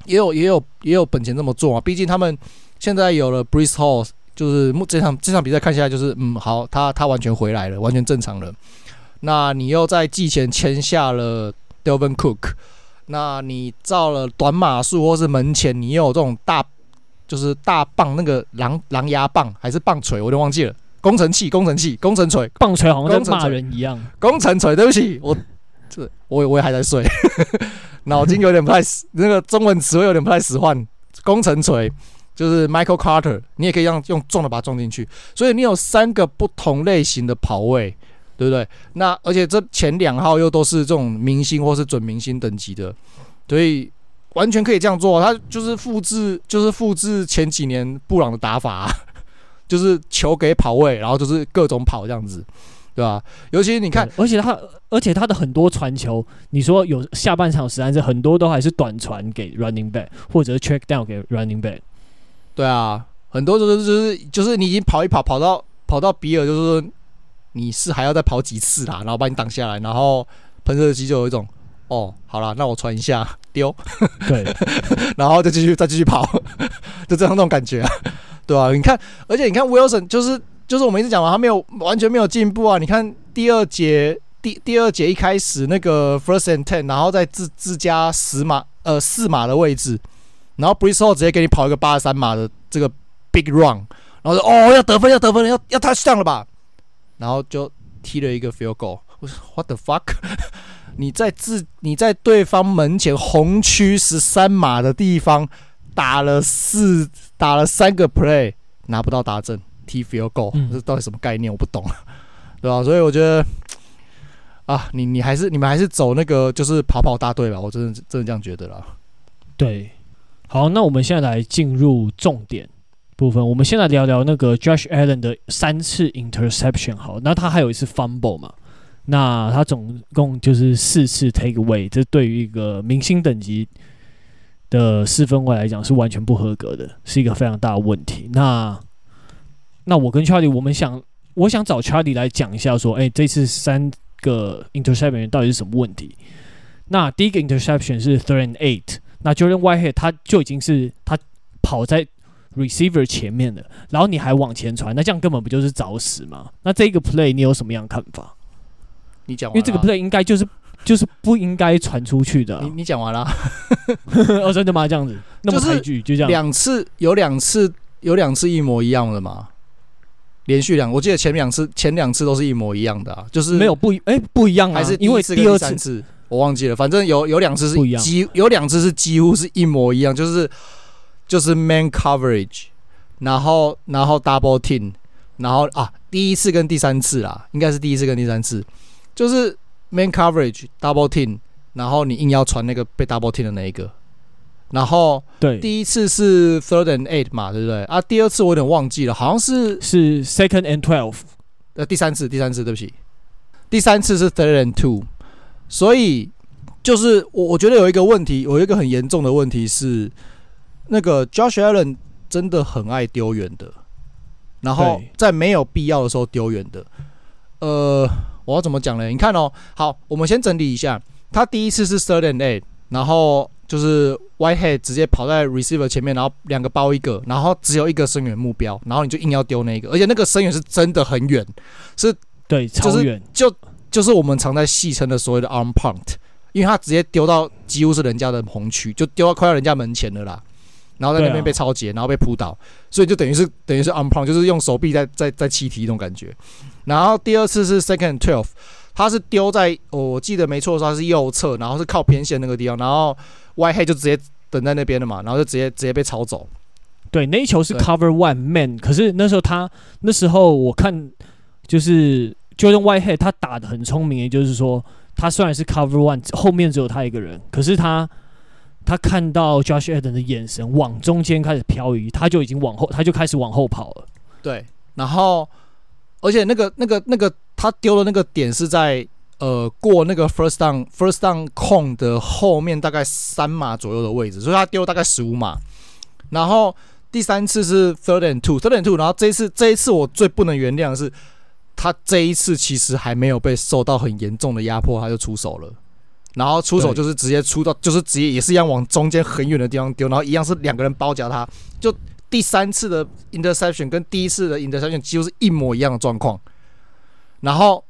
B: 也有也有也有本錢這麼做啊。畢竟他們現在有了 Breece Hall，就是這場這場比賽看起來就是嗯，好，他他完全回來了，完全正常了。那你又在季前簽下了 Dalvin Cook。那你造了短碼數，或是門前，你有這種大，就是大棒那個狼狼牙棒，還是棒錘，我都忘記了。工程器，工程器，工程錘，棒錘好像跟罵人一樣。工程錘，對不起，我這我我也還在睡，腦 筋有點不太 那個中文詞彙有點不太使喚。工程錘就是 Michael Carter，你也可以讓用重的把它撞進去。所以你有三個不同類型的跑位。對不對？那而且這前兩號又都是這種明星或是準明星等級的，所以完全可以這樣做。他就是複製，就是複製前幾年布朗的打法，啊，就是球給跑位，然後就是
A: 各種跑這樣子，對吧，啊？尤其你看，而且他，而且他的很多傳球，你說有下半場實間時是很多都還是短傳給 running back，或者是 check down 給 running back，
B: 對啊，很多就是就是就是你已經跑一跑，跑到跑到比爾就是。你是還要再跑幾次啦？然後把你擋下來，然後噴射機就有一種，哦，好啦，那我傳一下，丟， 對，對，對 然後再繼續再繼續跑， 就這樣那種感覺、啊，對啊，你看，而且你看 Wilson 就是就是我們一直講嘛，他沒有完全沒有進步啊！你看第二節第第二節一開始那個 First and Ten，然後在自自家十碼呃四碼的位置，然後 Breece Hall 直接給你跑一個八十三碼的這個 Big Run，然後說哦要得分要得分要要 touchdown 了吧？然後就踢了一個 field goal，我說 what the fuck？你在自你在對方門前紅區十三碼的地方打了四打了三個 play，拿不到達陣，踢 field goal，嗯，這到底什麼概念？我不懂，對吧？所以我覺得啊，你你還是你們還是走那個就是跑跑大隊吧，我真的真的這樣覺得啦。
A: 對，好，那我們現在來進入重點。部分，我們先來聊聊那個 Josh Allen 的三次 interception。好，那他還有一次 fumble 嘛？那他總共就是四次 take away。這對於一個明星等級的四分衛來講是完全不合格的，是一個非常大的問題。那那我跟 Charlie，我們想，我想找 Charlie 來講一下，說，哎，這次三個 interception 到底是什麼問題？那第一個 interception 是 third and eight，那 Jordan Whitehead 他就已經是他跑在。Receiver 前面的，然後你還往前傳，那這樣根本不就是找死嗎？那這個 play 你有什麼樣的看法？你講，完，啊、因為這個 play 應該就是就是不應該傳出去的、啊 你。你你講完了？哦，真的嗎？這樣子， 那麼這句、就是、就這樣。兩
B: 次有兩次有兩次一模一樣的嗎？連續兩，我記得前兩次前兩次都是一模一樣的啊，就是沒有不一、欸、不一樣、啊、還是一因為第二次、三次我忘記了，反正有有兩次是幾不一樣，有兩次是幾乎是一模一樣，就是。就是 man coverage，然後然後 double team，然後啊，第一次跟第三次啦，應該是第一次跟第三次，就是 man coverage double team，然後你硬要傳那個被 double team 的那一個，然後對，第一次是 third and eight 嘛，對不對？啊，第二次我有點忘記了，好像是是 second and twelve，呃、啊，第三次第三次對不起，第三次是 third and two，所以就是我我覺得有一個問題，有一個很嚴重的問題是。那個 Josh Allen 真的很愛丟遠的，然後在沒有必要的時候丟遠的。呃，我要怎麼講呢？你看哦，好，我們先整理一下。他第一次是 third and eight 然後就是 Whitehead 直接跑在 receiver 前面，然後兩個包一個，然後只有一個深遠目標，然後你就硬要丟那個，而且那個深遠是真的很遠，是對，就是、超遠，就就是我們常在戲稱的所謂的 arm punt，因為他直接丟到幾乎是人家的紅區，就丟到快要人家門前了啦。然後在那邊被抄截、啊，然後被撲倒，所以就等於是等於是 unpound，就是用手臂在在在七踢踢那種感覺。然後第二次是 second twelve，他是丟在、哦，我記得沒錯，說他是右側，然後是靠邊線那個地方，然後 Whitehead 就直接等在那邊了嘛，然後就直接直接被抄走。
A: 對，那一球是 cover one man，可是那時候他那時候我看就是就用 Whitehead 他打得很聰明，也就是說他雖然是 cover one，後面只有他一個人，可是他。他看到 Josh Allen 的眼神往中間開始漂移，他就已經往後，他就開始往後跑了。對，然
B: 後，而且那個、那個、那個，他丟的那個點是在呃過那個 first down first down cone 的後面大概三碼左右的位置，所以他丟了大概十五碼。然後第三次是 third and two，third and two，然後這一次，這一次我最不能原諒的是，他這一次其實還沒有被受到很嚴重的壓迫，他就出手了。然後出手就是直接出到，就是直接也是一樣往中間很遠的地方丟，然後一樣是兩個人包夾他，就第三次的 interception 跟第一次的 interception 幾乎是一模一樣的狀況，然後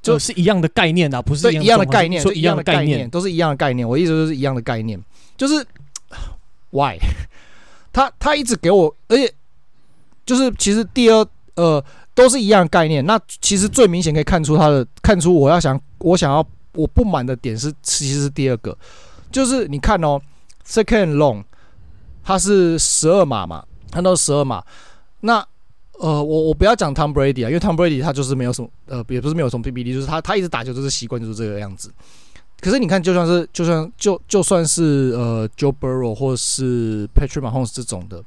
B: 就，就，就，是是就是一樣的概念啊，不是一樣的概念，一樣的概念，都是一樣的概念。我意思就是一樣的概念，就是 why 他他一直給我，而且就是其實第二呃都是一樣的概念。那其實最明顯可以看出他的看出我要想我想要。我不滿的點是，其實是第二個，就是你看哦，second long，它是十二碼嘛，看到十二碼，那呃，我我不要講 Tom Brady 啊，因為 Tom Brady 他就是沒有什麼呃，也不是沒有什麼臂力，就是他他一直打球都是習慣就是這個樣子。可是你看就是就就，就算是就算就就算是呃 Joe Burrow 或是 Patrick Mahomes 這種的，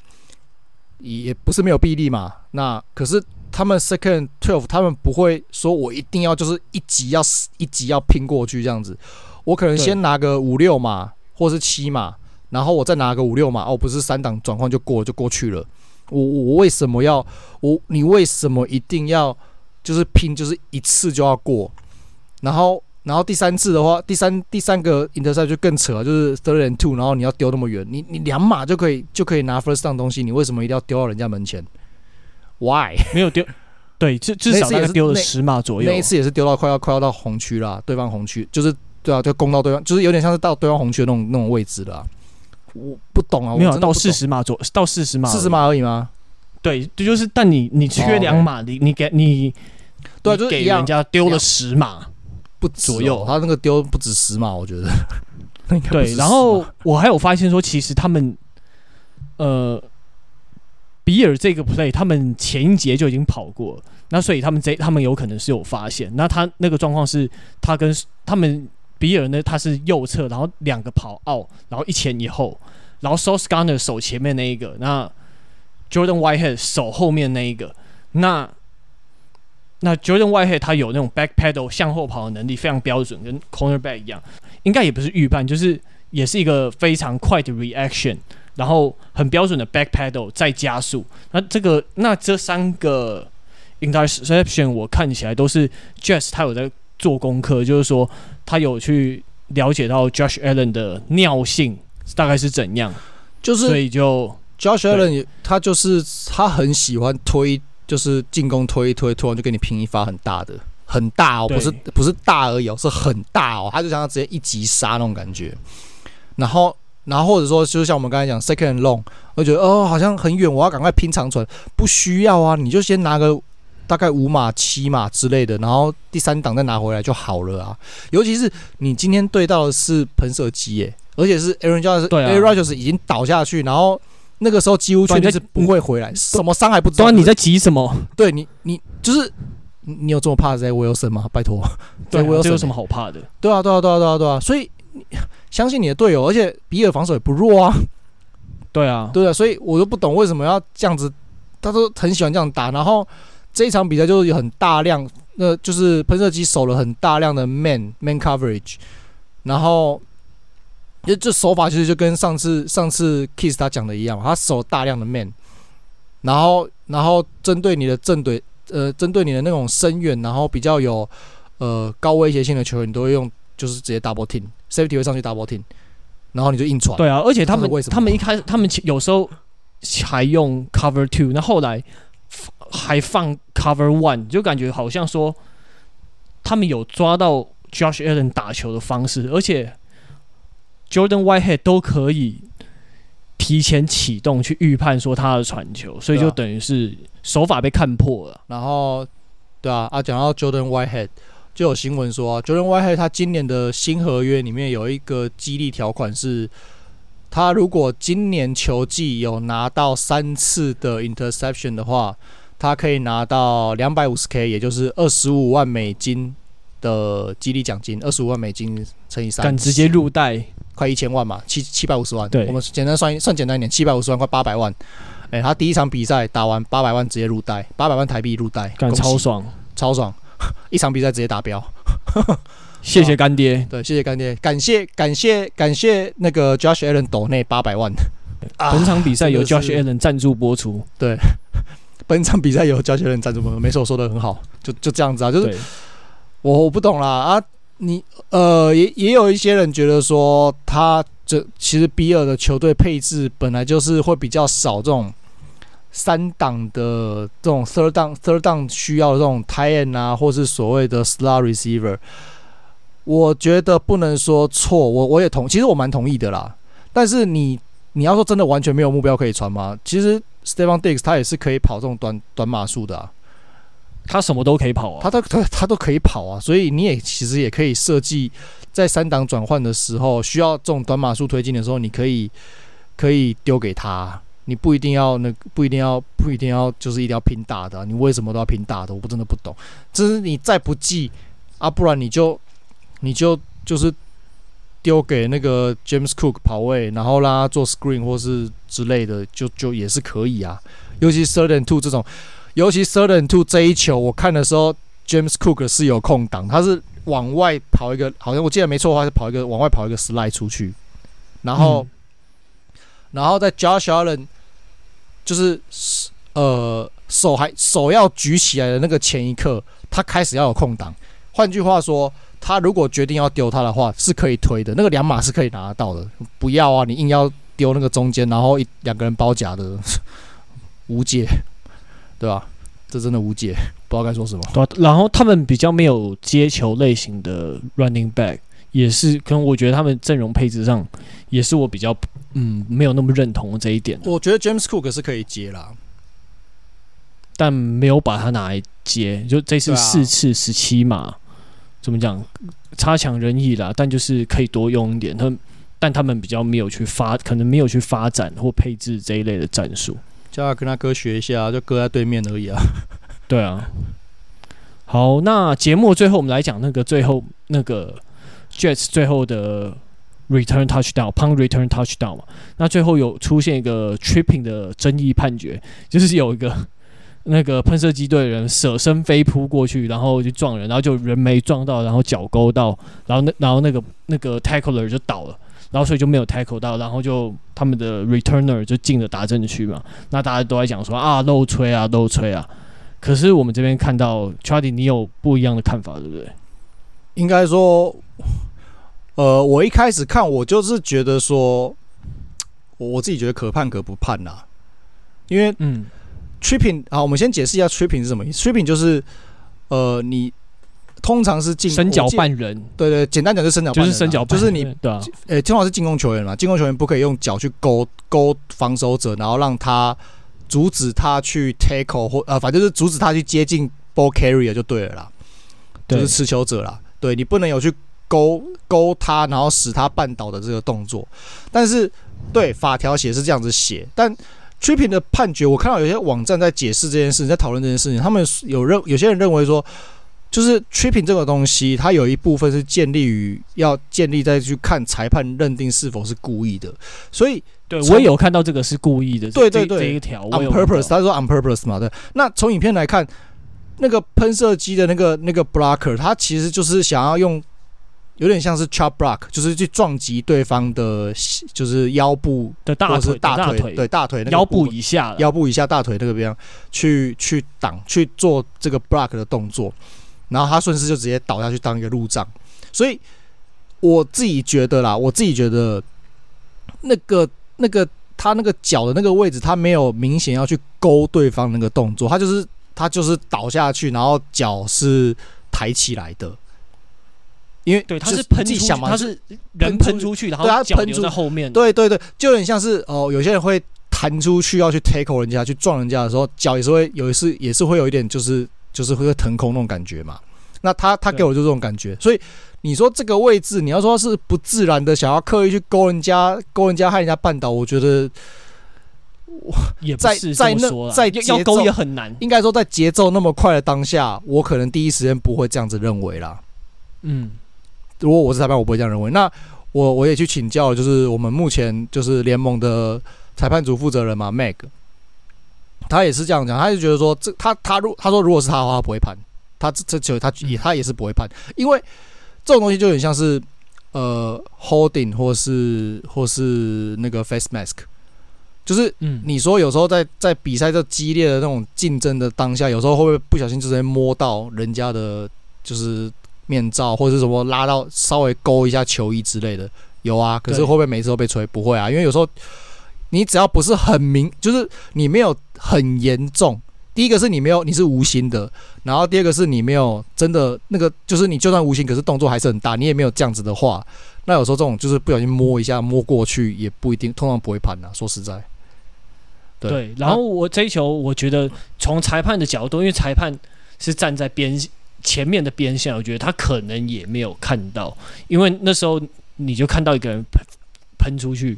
B: 也也不是沒有臂力嘛。那可是。他們 second twelve，他們不會說我一定要就是一級要一級要拼過去這樣子，我可能先拿個五六碼，或是七碼，然後我再拿個五六碼，哦不是三檔轉換就過就過去了。我我為什麼要我你為什麼一定要就是拼就是一次就要過？然後然後第三次的話，第三第三個 e 得賽就更扯了，就是 third and two，然後你要丟那麼遠，你你兩碼就可以就可以拿 first down 東西，你為什麼一定要丟到人家門前？Why 沒有丟？對，就至少那丟了十碼左右。那一次也是丟到快要快要到紅區了，對方紅區就是對啊，就攻到對方，就是有點像是到對方紅區的那種那種位置了。我不懂啊，沒有、啊、我到四十
A: 碼左右，到四十碼，四十碼而已嗎？對，就就是，但你你缺兩碼，oh, okay. 你你給你，對，就是給人家丟了十碼不、哦、左右，他那個丟不止
B: 十碼，我覺得 你看笑。對，然後
A: 我還有發現說，其實他們，呃。比爾這個 play，他們前一節就已經跑過，那所以他們這他們有可能是有發現。那他那個狀況是，他跟他們比爾呢，他是右側，然後兩個跑 out，然後一前一後，然後 Sauce Gardner 守前面那一個，那 Jordan Whitehead 守後面那一個，那那 Jordan Whitehead 他有那種 back pedal 向後跑的能力，非常標準，跟 cornerback 一樣，應該也不是預判，就是也是一個非常快的 reaction。然後很標準的 back pedal 再加速，那這個那這三個 interception 我看起來都是 Jess 他有在做功課，就是說他有去了解到 Josh Allen 的尿性大概是怎樣，就是所以就 Josh Allen 他就是他很喜歡推，就是進攻推一
B: 推，突然就給你拼一發很大的，很大哦，不是不是大而已哦，是很大哦，他就想要直接一擊殺那種感覺，然後。然後或者說，就像我們剛才講，second and long，我覺得哦，好像很遠，我要趕快拼長傳，不需要啊，你就先拿個大概五碼、七碼之類的，然後第三檔再拿回來就好了啊。尤其是你今天對到的是噴射機、欸，哎，而且是 Aaron Rodgers、啊、Aaron Rodgers 已經倒下去，然後那個時候幾乎確定是不會回來，什麼傷還不知道、啊。你在急什麼？對你，你就是你有這麼怕在 Wilson 嗎？拜托，對我、啊欸、有什麼好怕的？對啊，對啊，對啊，對啊，對啊，對啊對啊所以。相信你的隊友，而且比爾防守也不弱啊。對啊，對啊，所以我都不懂為什麼要這樣子。他說很喜歡這樣打。然後這一場比賽就是有很大量，那、呃、就是噴射機守了很大量的 man man coverage。然後，因為這手法其實就跟上次上次 Kiss 他講的一樣，他守大量的 man。然後，然後針對你的正對呃，針對你的那種深遠，然後比較有呃高威脅性的球員，你都會用就是直接 double team。Safety 會上去 double team 然後你就硬傳。對啊，而且他們他
A: 們一開始他們有時候還用 cover two，那後來還放 cover one，就感覺好像說他們有抓到 Josh Allen 打球的方式，而且 Jordan Whitehead 都可以提前啟動去預判說他的傳球，所以就等於是手法被看破了、啊。然
B: 後，對啊，啊，講到 Jordan Whitehead。就有新聞說啊，Jordan Whitehead 他今年的新合約裡面有一個激勵條款是，是他如果今年球季有拿到三次的 interception 的話，他可以拿到兩百五十 k，也就是二十五萬美金的激勵獎金。二十五萬美金乘以三，敢直接入袋、嗯，快一千萬嘛，七七百五十萬。對，我們簡單算算簡單一點，七百五十萬快八百萬。哎、欸，他第一場比賽打完八百萬直接入袋，八百萬台幣入袋，感超爽，超爽。一場比賽直接達標， 謝謝乾爹，對，謝謝乾爹，感謝感謝感謝那個 Josh Allen 抖內八百萬，本場比賽由 Josh, Josh Allen 贊助播出，啊，是是對，本場比賽由 Josh Allen 贊助播出。 沒錯，說的很好，就就這樣子啊，就是我我不懂啦。啊，你呃也也有一些人覺得說他這其實比爾的球隊配置本來就是會比較少這種。三檔的這種 third down third down 需要這種 tight end 啊，或是所謂的 slot receiver，我覺得不能說錯，我我也同，其實我蠻同意的啦。但是你你要說真的完全沒有目標可以傳嗎？其實 Stefon Diggs 他也是可以跑這種短短碼數的啊，他什麼都可以跑啊，他都他他都可以跑啊，所以你也其實也可以設計在三檔轉換的時候，需要這種短碼數推進的時候，你可以可以丟給他。你不一定要那不一定要不一定要就是一定要拼大的，啊，你為什麼都要拼大的？我不真的不懂。就是你再不濟啊，不然你就你就就是丟給那個 James Cook 跑位，然後讓他做 screen 或是之類的，就就也是可以啊。尤其 third and two 這種，尤其 third and two 這一球，我看的時候 James Cook 是有空檔，他是往外跑一個，好像我記得沒錯的話是跑一個往外跑一個 slide 出去，然後、嗯。然後在 Josh Allen 就是呃手還手要舉起來的那個前一刻，他開始要有空檔。換句話說，他如果決定要丟他的話，是可以推的。那個兩碼是可以拿得到的。不要啊，你硬要丟那個中間，然後一兩個
A: 人包夾的無解，對吧？這真的無解，不知道該說什麼。然後他們比較沒有接球類型的 Running Back。也是，可能我覺得他們陣容配置上，也是我比較嗯沒有那麼認同的這一點。
B: 我覺得 James Cook 是可以接啦，
A: 但沒有把他拿來接，就這次四次十七碼，怎麼講，差強人意啦。但就是可以多用一點他，但他們比較沒有去發，可能沒有去發展或配置這一類的戰術。叫他跟他哥學一下，就擱在對面而已啊。對啊。好，那節目最後我們來講那個最後那個。Jets 最後的 return touchdown，punt return touchdown 嘛？那最後有出現一個 tripping 的爭議判決，就是有一個 那個噴射機隊的人舍身飛撲過去，然後就撞人，然後就人沒撞到，然後腳勾到，然後那然後那個那個 tackler 就倒了，然後所以就沒有 tackle 到，然後就他們的 returner 就進了達陣區嘛？那大家都在講說啊漏吹啊漏吹啊，可是我們這邊看到 Charlie，你有不一樣的看法對不對？應該說。
B: 呃，我一開始看，我就是覺得說，我我自己覺得可判可不判吶，因為 tripping, 嗯，tripping，好，我們先解釋一下 tripping 是什麼意思。tripping 就是呃，你通常是進伸腳絆人，對，對對，簡單講就是伸腳就是伸腳，就是，就是你呃、啊欸，通常是進攻球員嘛，進攻球員不可以用腳去勾勾防守者，然後讓他阻止他去 tackle 或呃、啊，反正就是阻止他去接近 ball carrier 就對了啦，
A: 就是持
B: 球者啦，對你不能有去。勾勾他，然後使他絆倒的這個動作，但是對法條寫是這樣子寫，但 tripping 的判決，我看到有些網站在解釋這件事情，在討論這件事情，他們有認有些人認為說，就是 tripping 這個東西，它有一部分是建立於要建立在去看裁判認定是否是故意的，所以
A: 對我有看
B: 到這個是故意的，對對對，對，這一條 on purpose，他說 on purpose 嘛，對，那從影片來看，那個噴射機的那個那個 blocker，他其實就是想要用。有點像是 chop block，就是去撞擊對方的，就是腰部的大腿，大腿，大腿，對大腿，腰部以下，腰部以下大腿那個邊，去去擋去做這個 block 的動作，然後他順勢就直接倒下去當一個路障。所以我自己覺得啦，我自己覺得那個那個他那個腳的那個位置，他沒有明顯要去勾對方那個動作，他就是他就是倒下去，然後腳是抬起來的。因為對他是噴，己想嘛，他是人噴出，出去，然後它噴出後面，對對對，就有點像是哦，有些人會彈出去要去 tackle 人家，去撞人家的時候，腳也是會有一次也是會有一點、就是，就是就是會騰空那種感覺嘛。那他他給我就這種感覺，所以你說這個位置，你要說是不自然的，想要刻意去勾人家、勾人家、害人家絆倒，我覺得
A: 我也不是說在在那在要勾也很難。
B: 應該說在節奏那麼快的當下，我可能第一時間不會這樣子認為啦。嗯。如果我是裁判，我不會這樣認為。那我我也去請教，就是我們目前就是聯盟的裁判組負責人嘛，Mag，他也是這樣講，他就覺得說，這他他如他說，如果是他的話，他不會判，他這這球，他也他也是不會判，因為這種東西就有點像是呃 holding 或是或是那個 face mask，就是嗯你說有時候在在比賽這激烈的那種競爭的當下，有時候會不會不小心就直接摸到人家的就是。面罩或者是什麼拉到稍微勾一下球衣之類的，有啊。可是會不會每次都被吹？不會啊，因為有時候你只要不是很明，就是你沒有很嚴重。第一個是你沒有，你是無心的；然後第二個是你沒有真的那個，就是你就算無心，可是動作還是很大，你也沒有這樣子的話，那有時候這種就是不小心摸一下摸過去，也不一定，通常不會判的。說實在，
A: 對，對。然後我追求，我覺得從裁判的角度，因為裁判是站在邊。前面的邊線，我覺得他可能也沒有看到，因為那時候你就看到一個人噴噴出去，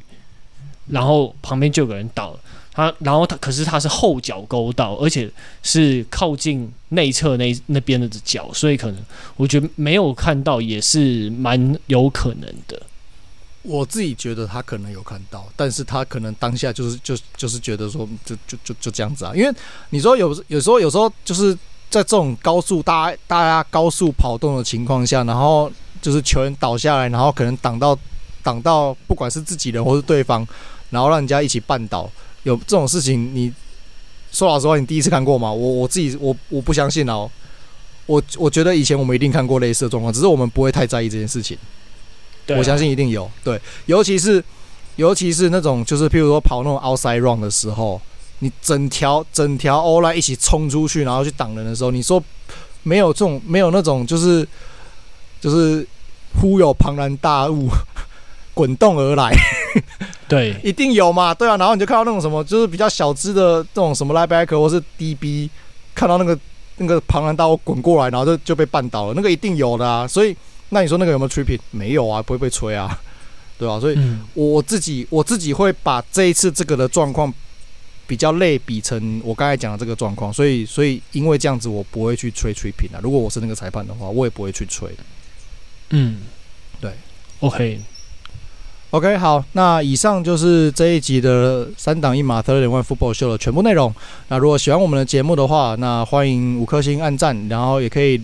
A: 然後旁邊就有人倒了。他然後他可是他是後腳勾到，而且是靠近內側那那邊的腳，所以可能我覺得沒有看到也是蠻有可能的。我自己覺得他可能有看到，但是他可能當下就是就
B: 就是覺得說就就就就這樣子啊，因為你說有有時候有時候就是。在這種高速大，大家高速跑動的情況下，然後就是球員倒下來，然後可能擋到擋到，到不管是自己人或是對方，然後讓人家一起絆倒，有這種事情你，你說老實話，你第一次看過嗎？我我自己我我不相信哦，我我覺得以前我們一定看過類似的狀況，只是我們不會太在意這件事情。啊、我相信一定有，對，尤其是尤其是那種就是譬如說跑那種 outside run 的時候。你整條整條 O-line 一起衝出去，然後去擋人的時候，你說沒有這種沒有那種，就是就是忽有龐然大物滾動而來，
A: 對，
B: 一定有嘛，對啊。然後你就看到那種什麼，就是比較小只的這種什麼 linebacker 或是 DB，看到那個那個龐然大物滾過來，然後就就被絆倒了，那個一定有的啊。所以那你說那個有沒有 tripping？沒有啊，不會被吹啊，對啊，所以我自己、嗯、我自己會把這一次這個的狀況。比較類比成我剛才講的這個狀況，所以所以因為這樣子，我不會去吹吹 tripping 啊。如果我是那個裁判的話，我也不會去吹。
A: 嗯，
B: 對，OK，OK，、
A: okay
B: okay, 好，那以上就是這一集的三檔一碼 Third and One football 秀的全部內容。那如果喜歡我們的節目的話，那歡迎五顆星按讚，然後也可以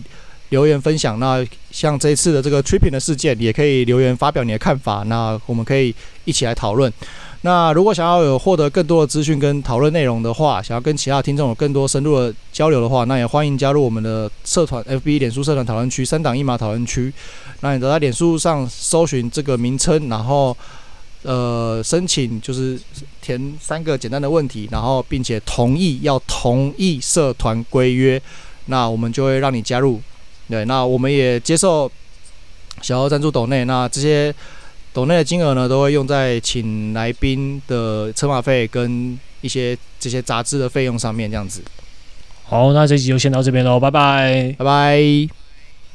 B: 留言分享。那像這一次的這個 tripping 的事件，也可以留言發表你的看法。那我們可以一起來討論。那如果想要有獲得更多的資訊跟討論內容的話，想要跟其他聽眾有更多深入的交流的話，那也歡迎加入我們的社團，FB 臉書社團討論區三檔一碼討論區。那你得在臉書上搜尋這個名稱，然後呃申請就是填三個簡單的問題，然後並且同意要同意社團規約，那我們就會讓你加入。對，那我們也接受想要贊助斗內，那這些。抖內的金額呢，都會用在請來賓的車馬費跟一些這些雜支的費用上面，這樣子。
A: 好，那這集就先到這邊嘍，拜拜，拜拜。